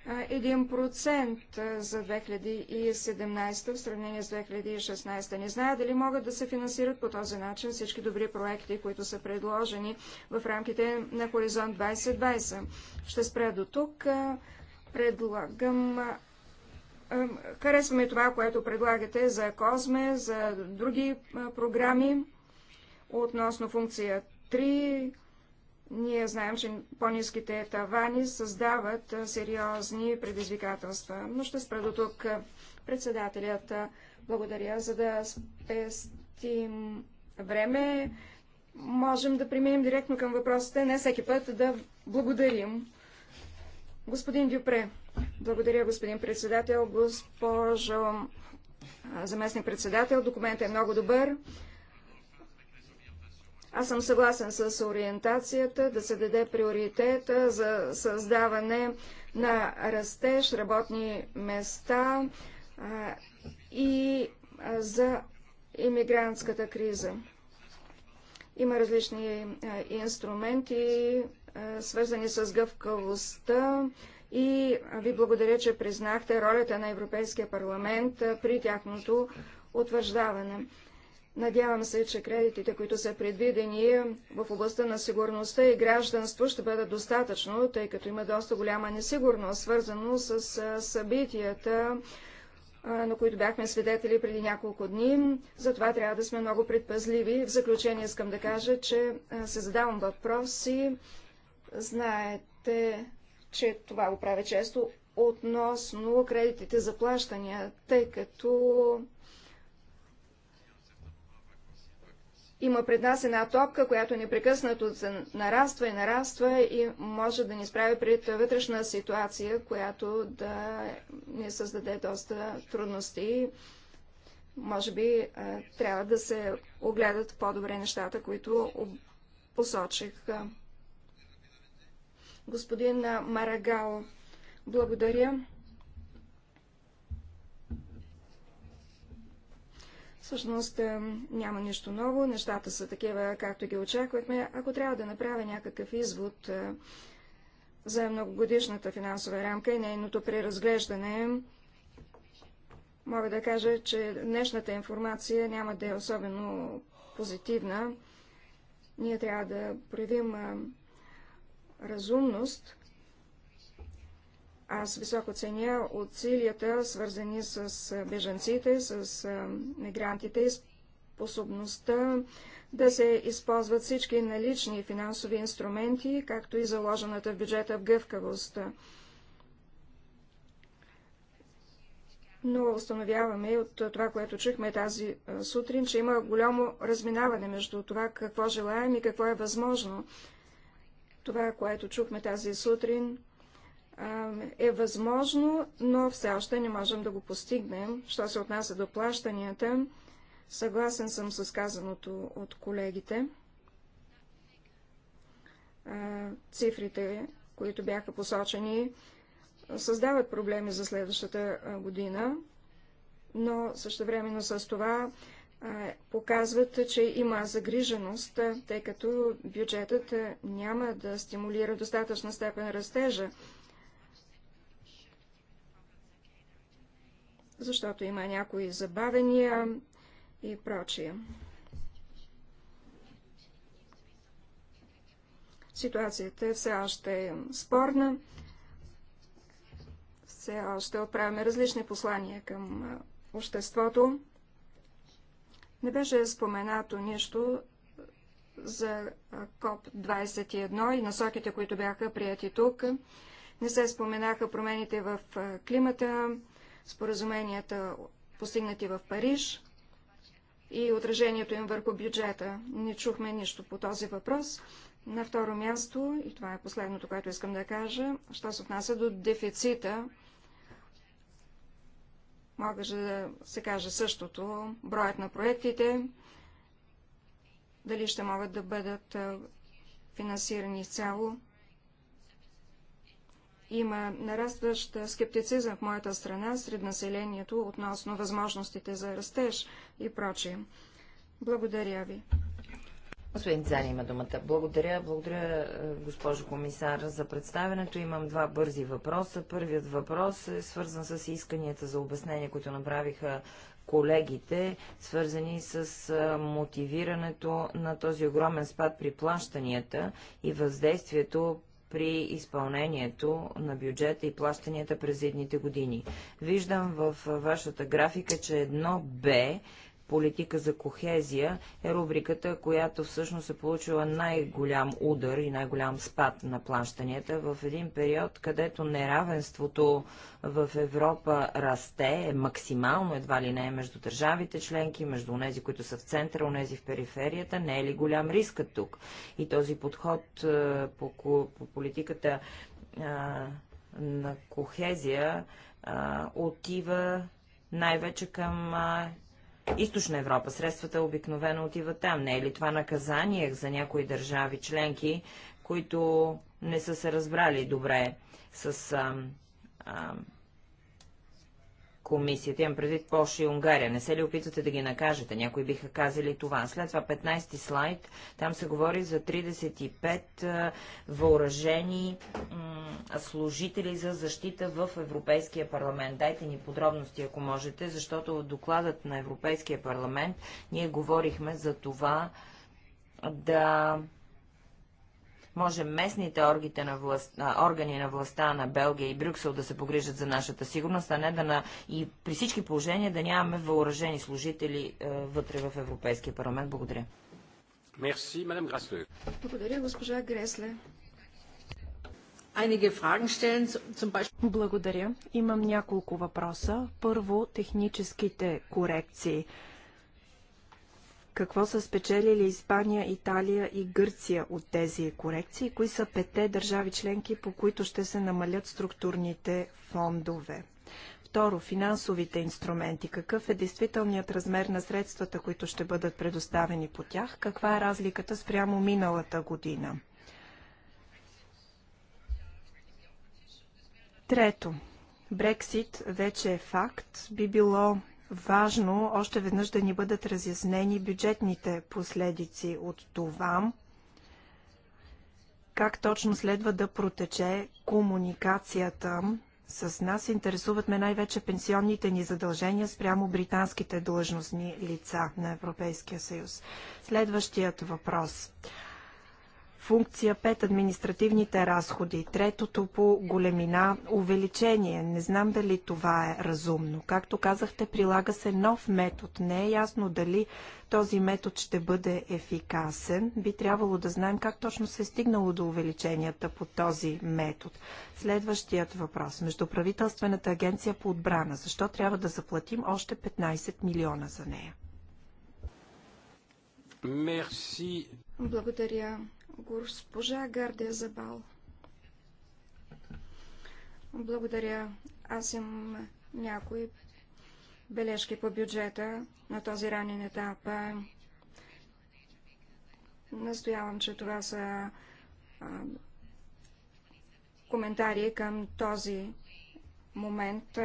1% за 2017 в сравнение с 2016. Не зная дали могат да се финансират по този начин всички добри проекти, които са предложени в рамките на Хоризонт 2020. Ще спря до тук. Предлагам Харесваме това, което предлагате за Козме, за други програми относно функция 3. Ние знаем, че по-низките тавани създават сериозни предизвикателства. Но ще спра до тук председателят. Благодаря, за да спестим време. Можем да преминем директно към въпросите. Не всеки път да благодарим. Господин Дюпре. Благодаря, господин председател. Госпожо заместник председател, документът е много добър. Аз съм съгласен с ориентацията да се даде приоритета за създаване на растеж, работни места и за иммигрантската криза. Има различни инструменти, свързани с гъвкавостта, и ви благодаря, че признахте ролята на Европейския парламент при тяхното утвърждаване. Надявам се, че кредитите, които са предвидени в областта на сигурността и гражданство, ще бъдат достатъчно, тъй като има доста голяма несигурност, свързано с събитията, на които бяхме свидетели преди няколко дни. Затова трябва да сме много предпазливи. В заключение искам да кажа, че се задавам въпроси. Знаете, че това го правя често, относно кредитите за плащания, тъй като има пред нас една топка, която непрекъснато нараства и нараства и може да ни справи пред вътрешна ситуация, която да ни създаде доста трудности. Може би трябва да се огледат по-добре нещата, които посочих господин Марагао. Благодаря. Всъщност няма нищо ново, нещата са такива, както ги очаквахме. Ако трябва да направя някакъв извод за многогодишната финансова рамка и нейното преразглеждане, мога да кажа, че днешната информация няма да е особено позитивна. Ние трябва да проявим разумност. Аз високо ценя усилията, свързани с бежанците, с мигрантите и способността да се използват всички налични финансови инструменти, както и заложената в бюджета в гъвкавост. Но установяваме от това, което чухме тази сутрин, че има голямо разминаване между това какво желаем и какво е възможно. Това, което чухме тази сутрин, е възможно, но все още не можем да го постигнем. Що се отнася до плащанията, съгласен съм с казаното от колегите. Цифрите, които бяха посочени, създават проблеми за следващата година, но също времено с това показват, че има загриженост, тъй като бюджетът няма да стимулира достатъчна степен растежа, защото има някои забавения и прочие. Ситуацията е все още спорна. Все още отправяме различни послания към обществото. Не беше споменато нищо за КОП-21 и насоките, които бяха прияти тук. Не се споменаха промените в климата, споразуменията постигнати в Париж и отражението им върху бюджета. Не чухме нищо по този въпрос. На второ място, и това е последното, което искам да кажа, що се отнася до дефицита, Мога да се каже същото. Броят на проектите, дали ще могат да бъдат финансирани изцяло. Има нарастващ скептицизъм в моята страна сред населението относно възможностите за растеж и прочие. Благодаря ви. Господин Цан има думата. Благодаря, благодаря, е, госпожо комисар, за представенето. Имам два бързи въпроса. Първият въпрос е свързан с исканията за обяснение, които направиха колегите, свързани с е, мотивирането на този огромен спад при плащанията и въздействието при изпълнението на бюджета и плащанията през едните години. Виждам в е, вашата графика, че едно Б политика за кохезия е рубриката, която всъщност е получила най-голям удар и най-голям спад на плащанията в един период, където неравенството в Европа расте е максимално, едва ли не е между държавите членки, между тези, които са в центъра, онези в периферията, не е ли голям рискът тук? И този подход е, по, по политиката а, е, на кохезия а, е, отива най-вече към а, Източна Европа. Средствата обикновено отиват там. Не е ли това наказание за някои държави членки, които не са се разбрали добре с а, а, комисията. Имам предвид Польша и Унгария. Не се ли опитвате да ги накажете? Някои биха казали това. След това 15 слайд, там се говори за 35 въоръжени служители за защита в Европейския парламент. Дайте ни подробности, ако можете, защото в докладът на Европейския парламент ние говорихме за това да може местните на, власт, органи на властта на Белгия и Брюксел да се погрижат за нашата сигурност, а не да на... и при всички положения да нямаме въоръжени служители е, вътре в Европейския парламент. Благодаря. Мерси, мадам Грасле. Благодаря, госпожа Гресле. Благодаря. Имам няколко въпроса. Първо, техническите корекции. Какво са спечелили Испания, Италия и Гърция от тези корекции? Кои са пете държави членки, по които ще се намалят структурните фондове? Второ, финансовите инструменти. Какъв е действителният размер на средствата, които ще бъдат предоставени по тях? Каква е разликата спрямо миналата година? Трето, Брексит вече е факт. Би било важно още веднъж да ни бъдат разяснени бюджетните последици от това, как точно следва да протече комуникацията с нас. Интересуват ме най-вече пенсионните ни задължения спрямо британските длъжностни лица на Европейския съюз. Следващият въпрос – Функция 5 административните разходи. Третото по големина увеличение. Не знам дали това е разумно. Както казахте, прилага се нов метод. Не е ясно дали този метод ще бъде ефикасен. Би трябвало да знаем как точно се е стигнало до увеличенията по този метод. Следващият въпрос. Между правителствената агенция по отбрана. Защо трябва да заплатим още 15 милиона за нея? Мерси. Благодаря, госпожа Гардия Забал. Благодаря. Аз имам някои бележки по бюджета на този ранен етап. Настоявам, че това са коментари към този момент.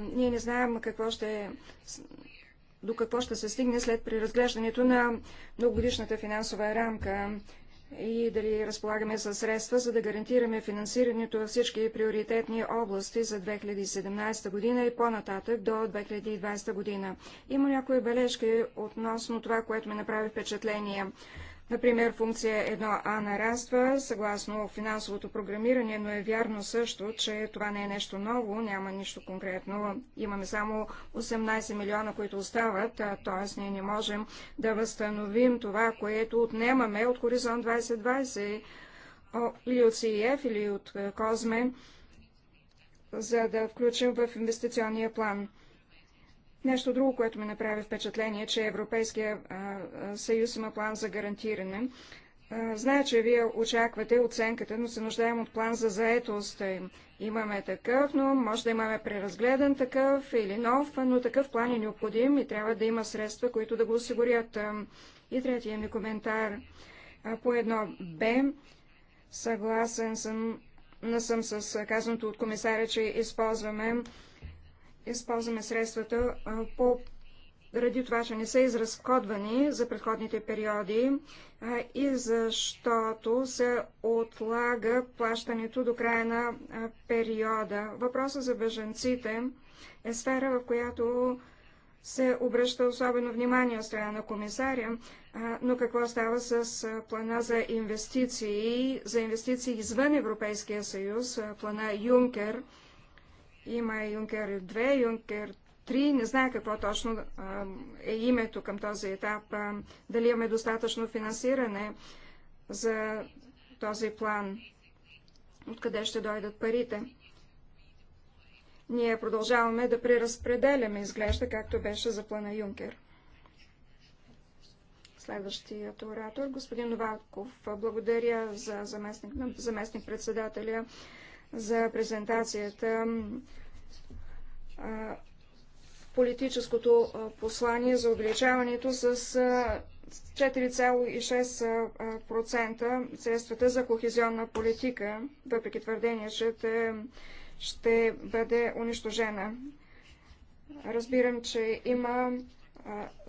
ние не знаем какво ще до какво ще се стигне след преразглеждането на многогодишната финансова рамка и дали разполагаме със средства, за да гарантираме финансирането във всички приоритетни области за 2017 година и по-нататък до 2020 година. Има някои бележки относно това, което ми направи впечатление. Например, функция 1А нараства съгласно финансовото програмиране, но е вярно също, че това не е нещо ново, няма нищо конкретно. Имаме само 18 милиона, които остават, т.е. ние не можем да възстановим това, което отнемаме от Хоризонт 2020 или от CEF или от Козме, за да включим в инвестиционния план. Нещо друго, което ми направи впечатление, е, че Европейския съюз има план за гарантиране. Зная, че вие очаквате оценката, но се нуждаем от план за заетост. Имаме такъв, но може да имаме преразгледан такъв или нов, но такъв план е необходим и трябва да има средства, които да го осигурят. И третия ми коментар по едно Б. Съгласен съм, не съм с казаното от комисаря, че използваме използваме средствата по ради това, че не са изразходвани за предходните периоди а, и защото се отлага плащането до края на а, периода. Въпросът за беженците е сфера, в която се обръща особено внимание от страна на комисаря, а, но какво става с плана за инвестиции, за инвестиции извън Европейския съюз, плана Юнкер – има Юнкер 2, Юнкер 3, не знае какво точно е името към този етап, дали имаме достатъчно финансиране за този план, откъде ще дойдат парите. Ние продължаваме да преразпределяме, изглежда, както беше за плана Юнкер. Следващият оратор, господин Новаков, благодаря за заместник, заместник председателя за презентацията политическото послание за увеличаването с 4,6% средствата за кохезионна политика, въпреки твърдение, че те ще бъде унищожена. Разбирам, че има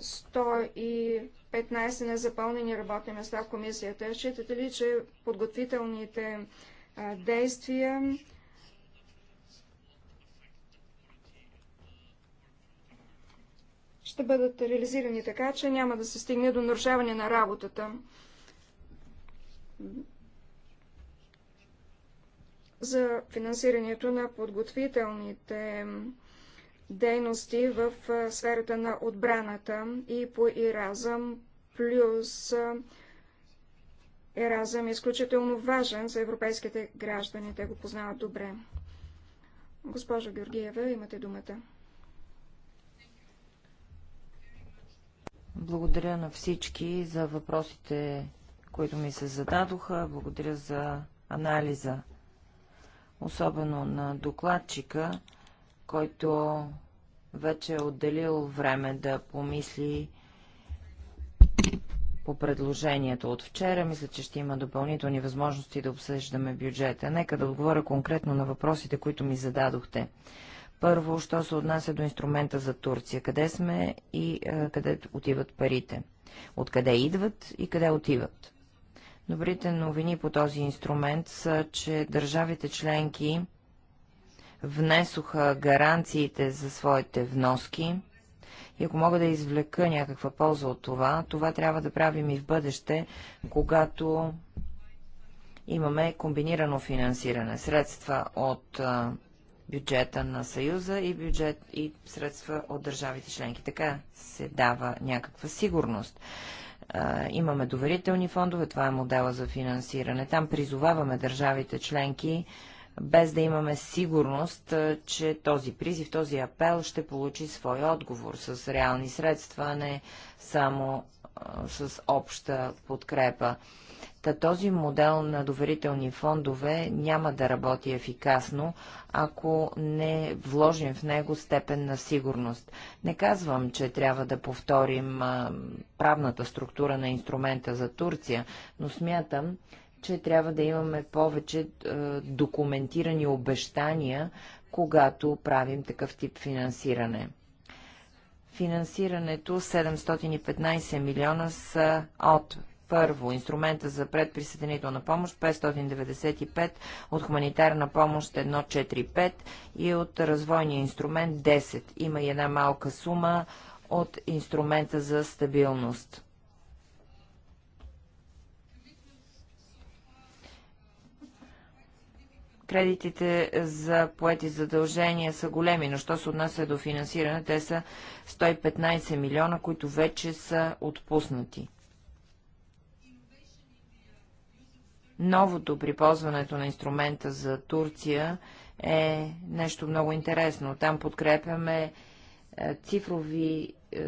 115 незапълнени работни места в комисията. Считате ли, че подготвителните действия. ще бъдат реализирани така, че няма да се стигне до нарушаване на работата. За финансирането на подготвителните дейности в сферата на отбраната и по Иразъм плюс Еразъм е изключително важен за европейските граждани. Те го познават добре. Госпожо Георгиева, имате думата. Благодаря на всички за въпросите, които ми се зададоха. Благодаря за анализа, особено на докладчика, който вече е отделил време да помисли по предложението от вчера. Мисля, че ще има допълнителни възможности да обсъждаме бюджета. Нека да отговоря конкретно на въпросите, които ми зададохте. Първо, що се отнася до инструмента за Турция? Къде сме и а, е, къде отиват парите? Откъде идват и къде отиват? Добрите новини по този инструмент са, че държавите членки внесоха гаранциите за своите вноски – и ако мога да извлека някаква полза от това, това трябва да правим и в бъдеще, когато имаме комбинирано финансиране. Средства от бюджета на Съюза и бюджет и средства от държавите членки. Така се дава някаква сигурност. имаме доверителни фондове, това е модела за финансиране. Там призоваваме държавите членки без да имаме сигурност, че този призив, този апел ще получи свой отговор с реални средства, а не само с обща подкрепа. Та този модел на доверителни фондове няма да работи ефикасно, ако не вложим в него степен на сигурност. Не казвам, че трябва да повторим правната структура на инструмента за Турция, но смятам, че трябва да имаме повече е, документирани обещания, когато правим такъв тип финансиране. Финансирането 715 милиона са от първо, инструмента за предприсъединителна помощ 595, от хуманитарна помощ 145 и от развойния инструмент 10. Има и една малка сума от инструмента за стабилност. Кредитите за поети задължения са големи, но що се отнася до финансиране, те са 115 милиона, които вече са отпуснати. Новото при ползването на инструмента за Турция е нещо много интересно. Там подкрепяме е, цифрови, е,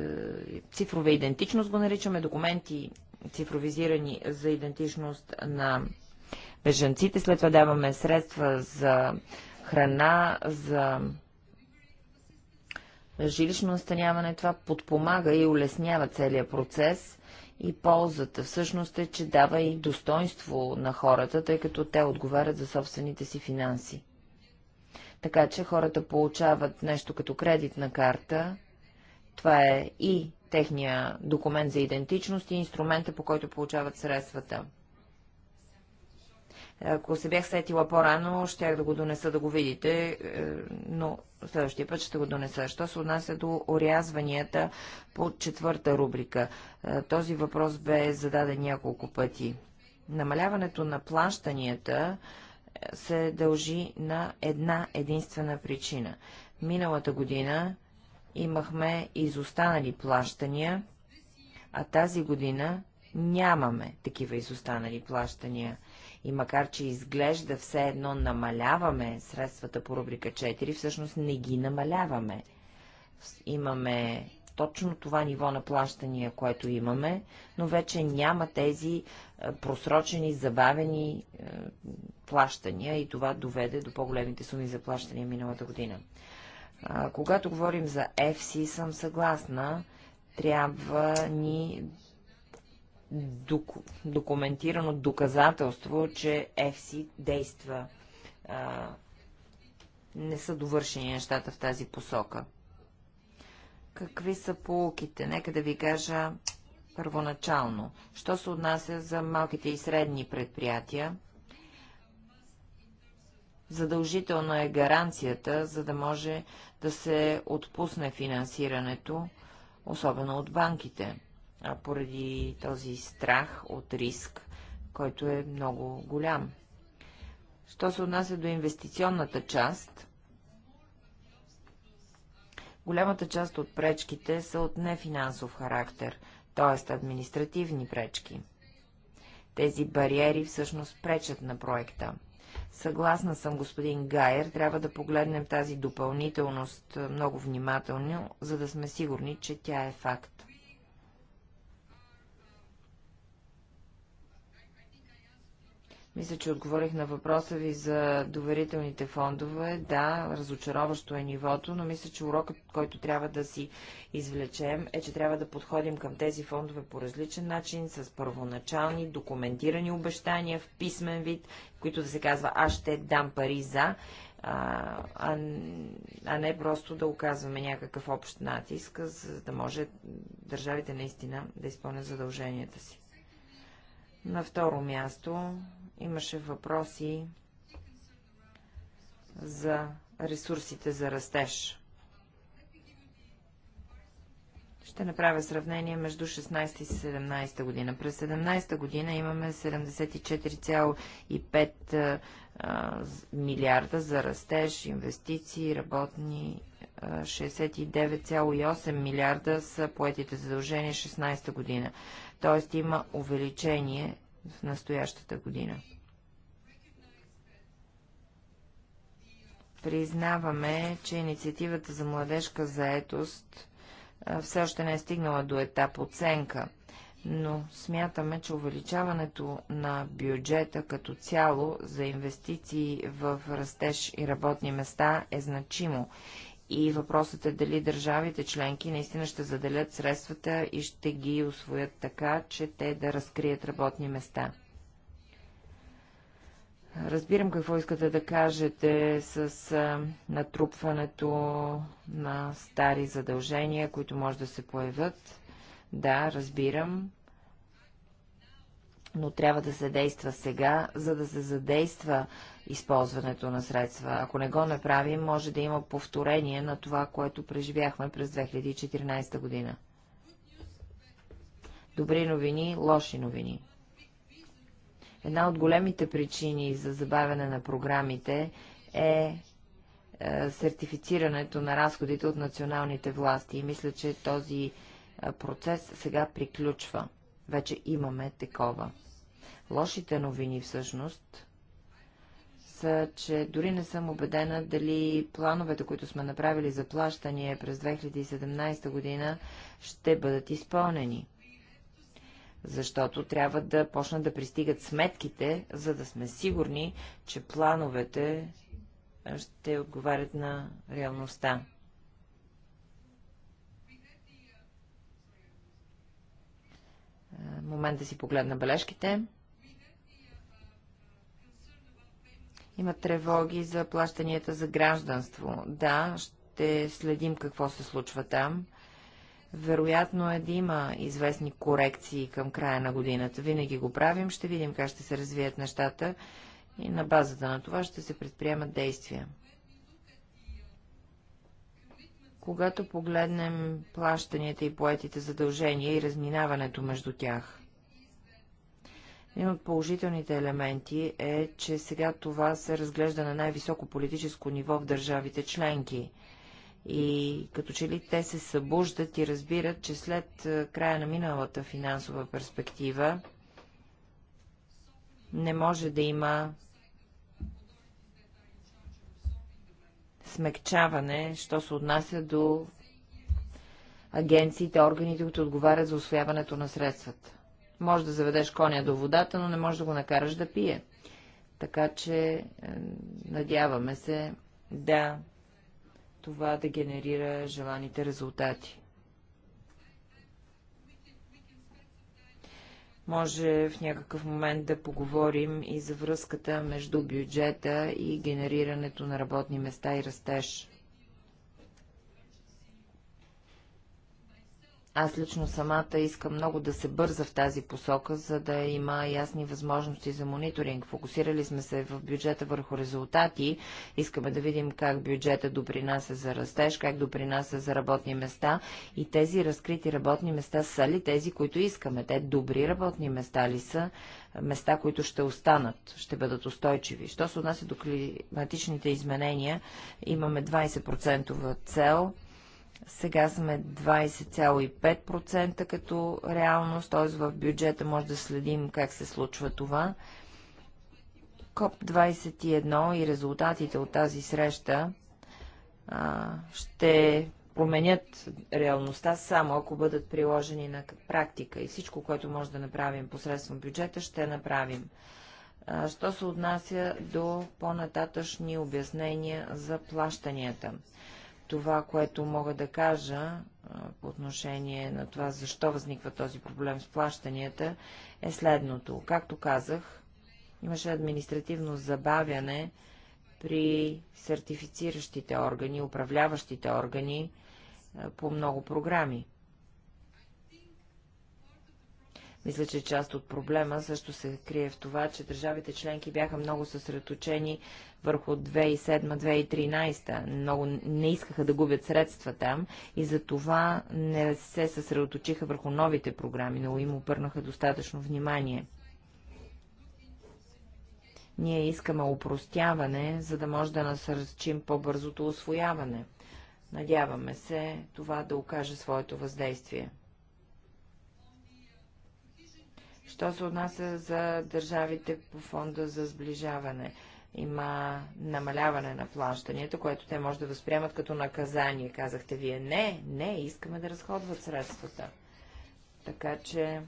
цифрова идентичност, го наричаме документи цифровизирани за идентичност на бежанците, след това даваме средства за храна, за жилищно настаняване. Това подпомага и улеснява целият процес и ползата всъщност е, че дава и достоинство на хората, тъй като те отговарят за собствените си финанси. Така че хората получават нещо като кредитна карта. Това е и техния документ за идентичност и инструмента, по който получават средствата. Ако се бях сетила по-рано, щях да го донеса да го видите, е, но следващия път ще го донеса. Що се отнася до орязванията по четвърта рубрика? Е, този въпрос бе зададен няколко пъти. Намаляването на плащанията е, се дължи на една единствена причина. Миналата година имахме изостанали плащания, а тази година нямаме такива изостанали плащания. И макар, че изглежда все едно намаляваме средствата по рубрика 4, всъщност не ги намаляваме. Имаме точно това ниво на плащания, което имаме, но вече няма тези е, просрочени, забавени е, плащания и това доведе до по-големите суми за плащания миналата година. когато говорим за FC, съм съгласна, трябва ни документирано доказателство, че FC действа. А, не са довършени нещата в тази посока. Какви са полуките? Нека да ви кажа първоначално. Що се отнася за малките и средни предприятия? Задължителна е гаранцията, за да може да се отпусне финансирането, особено от банките поради този страх от риск, който е много голям. Що се отнася до инвестиционната част, голямата част от пречките са от нефинансов характер, т.е. административни пречки. Тези бариери всъщност пречат на проекта. Съгласна съм, господин Гайер, трябва да погледнем тази допълнителност много внимателно, за да сме сигурни, че тя е факт. Мисля, че отговорих на въпроса ви за доверителните фондове. Да, разочароващо е нивото, но мисля, че урокът, който трябва да си извлечем, е, че трябва да подходим към тези фондове по различен начин, с първоначални, документирани обещания в писмен вид, които да се казва аз ще дам пари за, а, а, а не просто да оказваме някакъв общ натиск, за да може държавите наистина да изпълнят задълженията си. На второ място Имаше въпроси за ресурсите за растеж. Ще направя сравнение между 16 и 17 година. През 17 година имаме 74,5 милиарда за растеж, инвестиции, работни 69,8 милиарда са поетите задължения 16 година. Тоест има увеличение в настоящата година. Признаваме, че инициативата за младежка заетост все още не е стигнала до етап оценка, но смятаме, че увеличаването на бюджета като цяло за инвестиции в растеж и работни места е значимо и въпросът е дали държавите членки наистина ще заделят средствата и ще ги освоят така, че те да разкрият работни места. Разбирам какво искате да кажете с натрупването на стари задължения, които може да се появят. Да, разбирам. Но трябва да се действа сега, за да се задейства използването на средства. Ако не го направим, може да има повторение на това, което преживяхме през 2014 година. Добри новини, лоши новини. Една от големите причини за забавяне на програмите е, е сертифицирането на разходите от националните власти. И мисля, че този е, процес сега приключва. Вече имаме такова. Лошите новини всъщност че дори не съм убедена дали плановете, които сме направили за плащания през 2017 година, ще бъдат изпълнени. Защото трябва да почнат да пристигат сметките, за да сме сигурни, че плановете ще отговарят на реалността. Момент да си погледна бележките. Има тревоги за плащанията за гражданство. Да, ще следим какво се случва там. Вероятно е да има известни корекции към края на годината. Винаги го правим, ще видим как ще се развият нещата и на базата на това ще се предприемат действия. Когато погледнем плащанията и поетите задължения и разминаването между тях, един от положителните елементи е, че сега това се разглежда на най-високо политическо ниво в държавите членки. И като че ли те се събуждат и разбират, че след е, края на миналата финансова перспектива не може да има смекчаване, що се отнася до агенциите, органите, които отговарят за освояването на средствата. Може да заведеш коня до водата, но не можеш да го накараш да пие. Така че е, надяваме се да това да генерира желаните резултати. Може в някакъв момент да поговорим и за връзката между бюджета и генерирането на работни места и растеж. Аз лично самата искам много да се бърза в тази посока, за да има ясни възможности за мониторинг. Фокусирали сме се в бюджета върху резултати. Искаме да видим как бюджета допринася за растеж, как допринася за работни места и тези разкрити работни места са ли тези, които искаме? Те добри работни места ли са? Места, които ще останат, ще бъдат устойчиви. Що се отнася до климатичните изменения, имаме 20% цел сега сме 20,5% като реалност, т.е. в бюджета може да следим как се случва това. КОП-21 и резултатите от тази среща а, ще променят реалността само ако бъдат приложени на практика и всичко, което може да направим посредством бюджета, ще направим. А, що се отнася до по-нататъчни обяснения за плащанията? това, което мога да кажа по отношение на това, защо възниква този проблем с плащанията, е следното. Както казах, имаше административно забавяне при сертифициращите органи, управляващите органи по много програми. Мисля, че част от проблема също се крие в това, че държавите членки бяха много съсредоточени върху 2007-2013. Много не искаха да губят средства там и за това не се съсредоточиха върху новите програми, но им обърнаха достатъчно внимание. Ние искаме упростяване, за да може да насърчим по-бързото освояване. Надяваме се това да окаже своето въздействие. Що се отнася за държавите по фонда за сближаване? Има намаляване на плащанията, което те може да възприемат като наказание. Казахте вие, не, не, искаме да разходват средствата. Така че,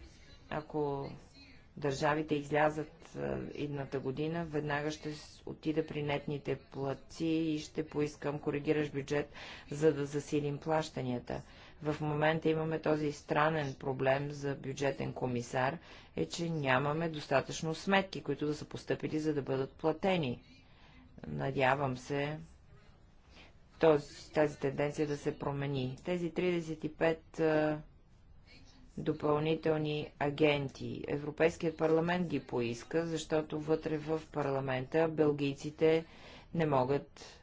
ако държавите излязат е, идната година, веднага ще отида при нетните плаци и ще поискам коригираш бюджет, за да засилим плащанията в момента имаме този странен проблем за бюджетен комисар, е, че нямаме достатъчно сметки, които да са поступили, за да бъдат платени. Надявам се този, тази тенденция да се промени. Тези 35 допълнителни агенти. Европейският парламент ги поиска, защото вътре в парламента белгийците не могат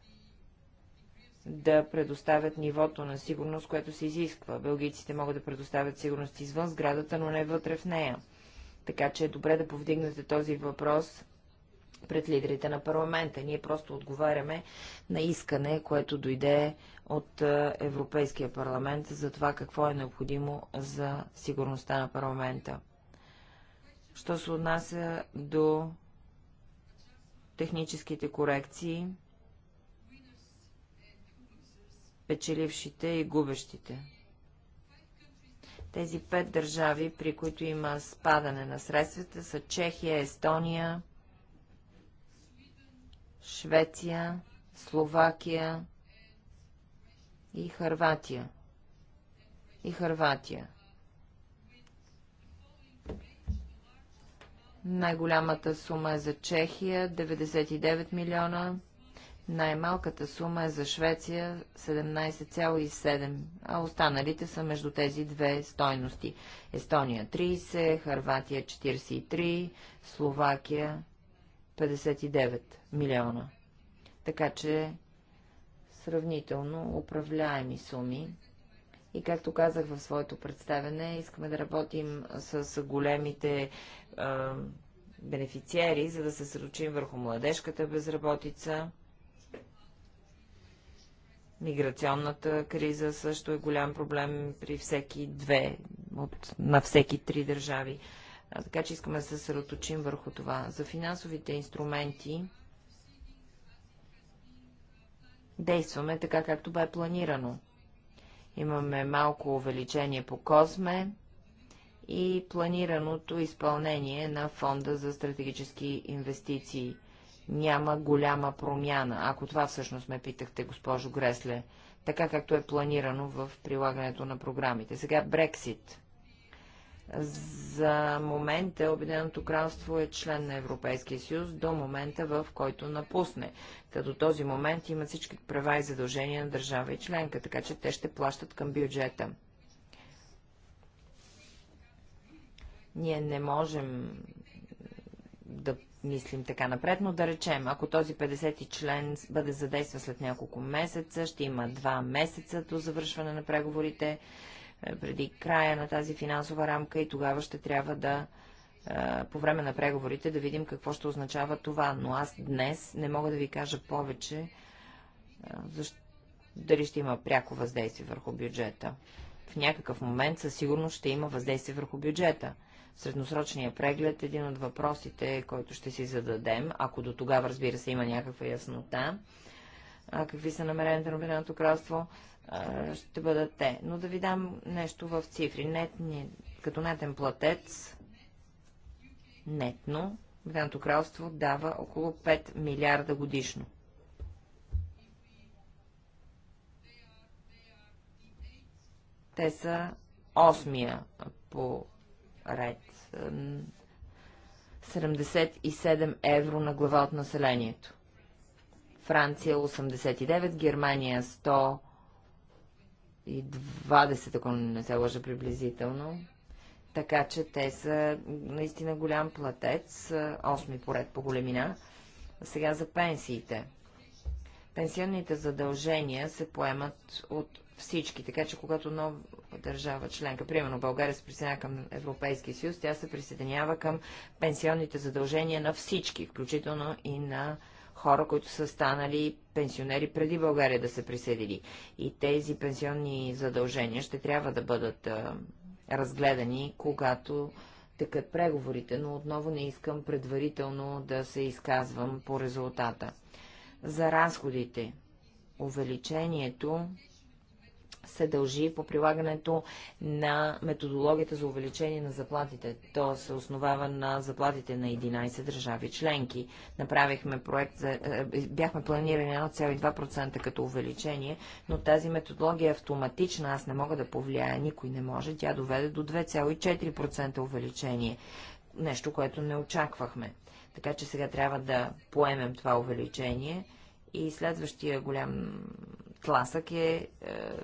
да предоставят нивото на сигурност, което се изисква. Белгийците могат да предоставят сигурност извън сградата, но не вътре в нея. Така че е добре да повдигнете този въпрос пред лидерите на парламента. Ние просто отговаряме на искане, което дойде от е, Европейския парламент за това какво е необходимо за сигурността на парламента. Що се отнася до техническите корекции, печелившите и губещите. Тези пет държави, при които има спадане на средствата, са Чехия, Естония, Швеция, Словакия и Харватия. И Харватия. Най-голямата сума е за Чехия 99 милиона, най-малката сума е за Швеция 17,7, а останалите са между тези две стойности. Естония 30, Харватия 43, Словакия 59 милиона. Така че сравнително управляеми суми. И както казах в своето представене, искаме да работим с големите бенефициери, за да се сръчим върху младежката безработица Миграционната криза също е голям проблем при всеки две, от, на всеки три държави. А, така че искаме да се съсредоточим върху това. За финансовите инструменти действаме така, както бе планирано. Имаме малко увеличение по Козме и планираното изпълнение на Фонда за стратегически инвестиции няма голяма промяна, ако това всъщност ме питахте, госпожо Гресле, така както е планирано в прилагането на програмите. Сега Брексит. За момента Обединеното кралство е член на Европейския съюз до момента, в който напусне. Като този момент имат всички права и задължения на държава и членка, така че те ще плащат към бюджета. Ние не можем да мислим така напред, но да речем, ако този 50 член бъде задейства след няколко месеца, ще има два месеца до завършване на преговорите е, преди края на тази финансова рамка и тогава ще трябва да е, по време на преговорите да видим какво ще означава това. Но аз днес не мога да ви кажа повече е, защо, дали ще има пряко въздействие върху бюджета. В някакъв момент със сигурност ще има въздействие върху бюджета средносрочния преглед един от въпросите, който ще си зададем, ако до тогава, разбира се, има някаква яснота, а, какви са намеренията на Обединеното кралство, ще бъдат те. Но да ви дам нещо в цифри. Нетни, като нетен платец, нетно, Обединеното кралство дава около 5 милиарда годишно. Те са осмия по ред. 77 евро на глава от населението. Франция 89, Германия 100 и 20, ако не се лъжа приблизително. Така че те са наистина голям платец, 8 поред по големина. Сега за пенсиите. Пенсионните задължения се поемат от всички, така че когато нов държава членка. Примерно България се присъединява към Европейския съюз, тя се присъединява към пенсионните задължения на всички, включително и на хора, които са станали пенсионери преди България да се присъедини. И тези пенсионни задължения ще трябва да бъдат а, разгледани, когато тъкат преговорите, но отново не искам предварително да се изказвам по резултата. За разходите. Увеличението се дължи по прилагането на методологията за увеличение на заплатите. То се основава на заплатите на 11 държави членки. Направихме проект за... Е, е, бяхме планирани 1,2% като увеличение, но тази методология е автоматична. Аз не мога да повлияя, никой не може. Тя доведе до 2,4% увеличение. Нещо, което не очаквахме. Така че сега трябва да поемем това увеличение и следващия голям тласък е, е,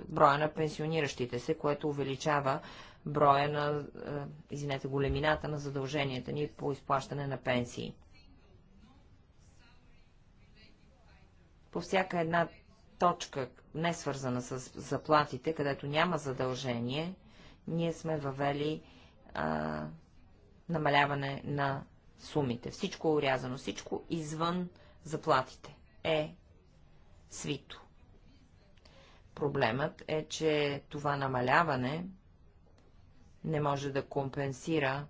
броя на пенсиониращите се, което увеличава броя на, е, извинете, големината на задълженията ни по изплащане на пенсии. По всяка една точка, не свързана с заплатите, където няма задължение, ние сме въвели а, намаляване на сумите. Всичко е урязано, всичко извън заплатите е свито. Проблемът е, че това намаляване не може да компенсира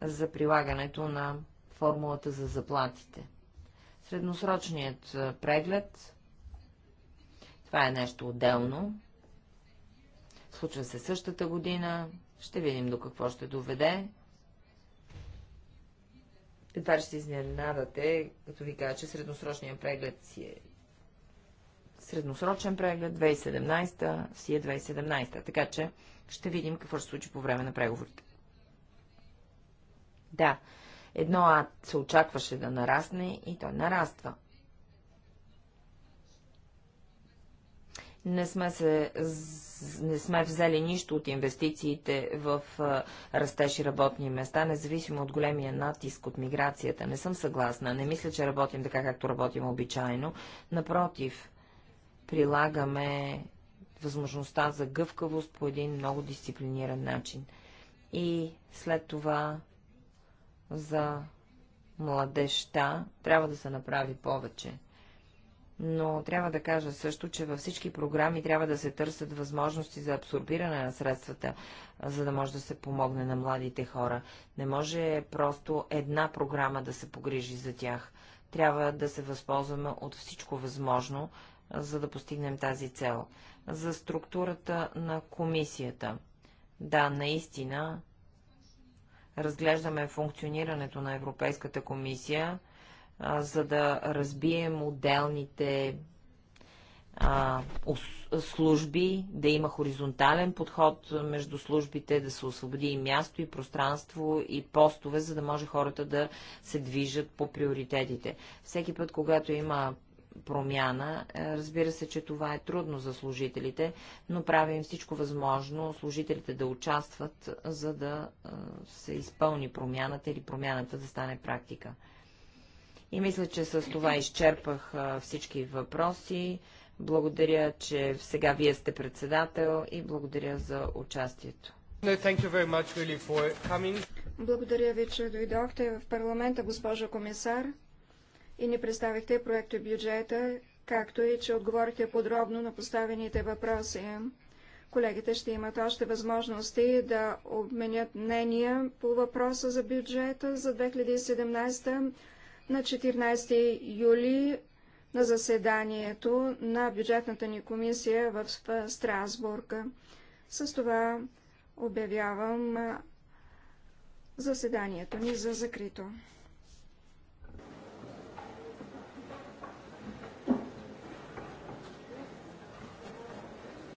за прилагането на формулата за заплатите. Средносрочният преглед, това е нещо отделно, случва се същата година, ще видим до какво ще доведе. Едва ще се изненадате, като ви кажа, че средносрочният преглед си е средносрочен преглед 2017, си е 2017, така че ще видим какво ще случи по време на преговорите. Да, едно А се очакваше да нарасне и той нараства. Не сме, се, не сме взели нищо от инвестициите в растеж и работни места, независимо от големия натиск от миграцията. Не съм съгласна. Не мисля, че работим така, както работим обичайно. Напротив, прилагаме възможността за гъвкавост по един много дисциплиниран начин. И след това за младеща трябва да се направи повече. Но трябва да кажа също, че във всички програми трябва да се търсят възможности за абсорбиране на средствата, за да може да се помогне на младите хора. Не може просто една програма да се погрижи за тях. Трябва да се възползваме от всичко възможно, за да постигнем тази цел. За структурата на комисията. Да, наистина, разглеждаме функционирането на Европейската комисия, за да разбием отделните а, служби, да има хоризонтален подход между службите, да се освободи и място, и пространство, и постове, за да може хората да се движат по приоритетите. Всеки път, когато има промяна. Е, разбира се, че това е трудно за служителите, но правим всичко възможно служителите да участват, за да е, се изпълни промяната или промяната да стане практика. И мисля, че с това изчерпах е, всички въпроси. Благодаря, че сега вие сте председател и благодаря за участието. Благодаря ви, че дойдохте в парламента, госпожа комисар и ни представихте проекта бюджета, както и че отговорихте подробно на поставените въпроси. Колегите ще имат още възможности да обменят мнения по въпроса за бюджета за 2017 на 14 юли на заседанието на бюджетната ни комисия в Страсбург. С това обявявам заседанието ни за закрито.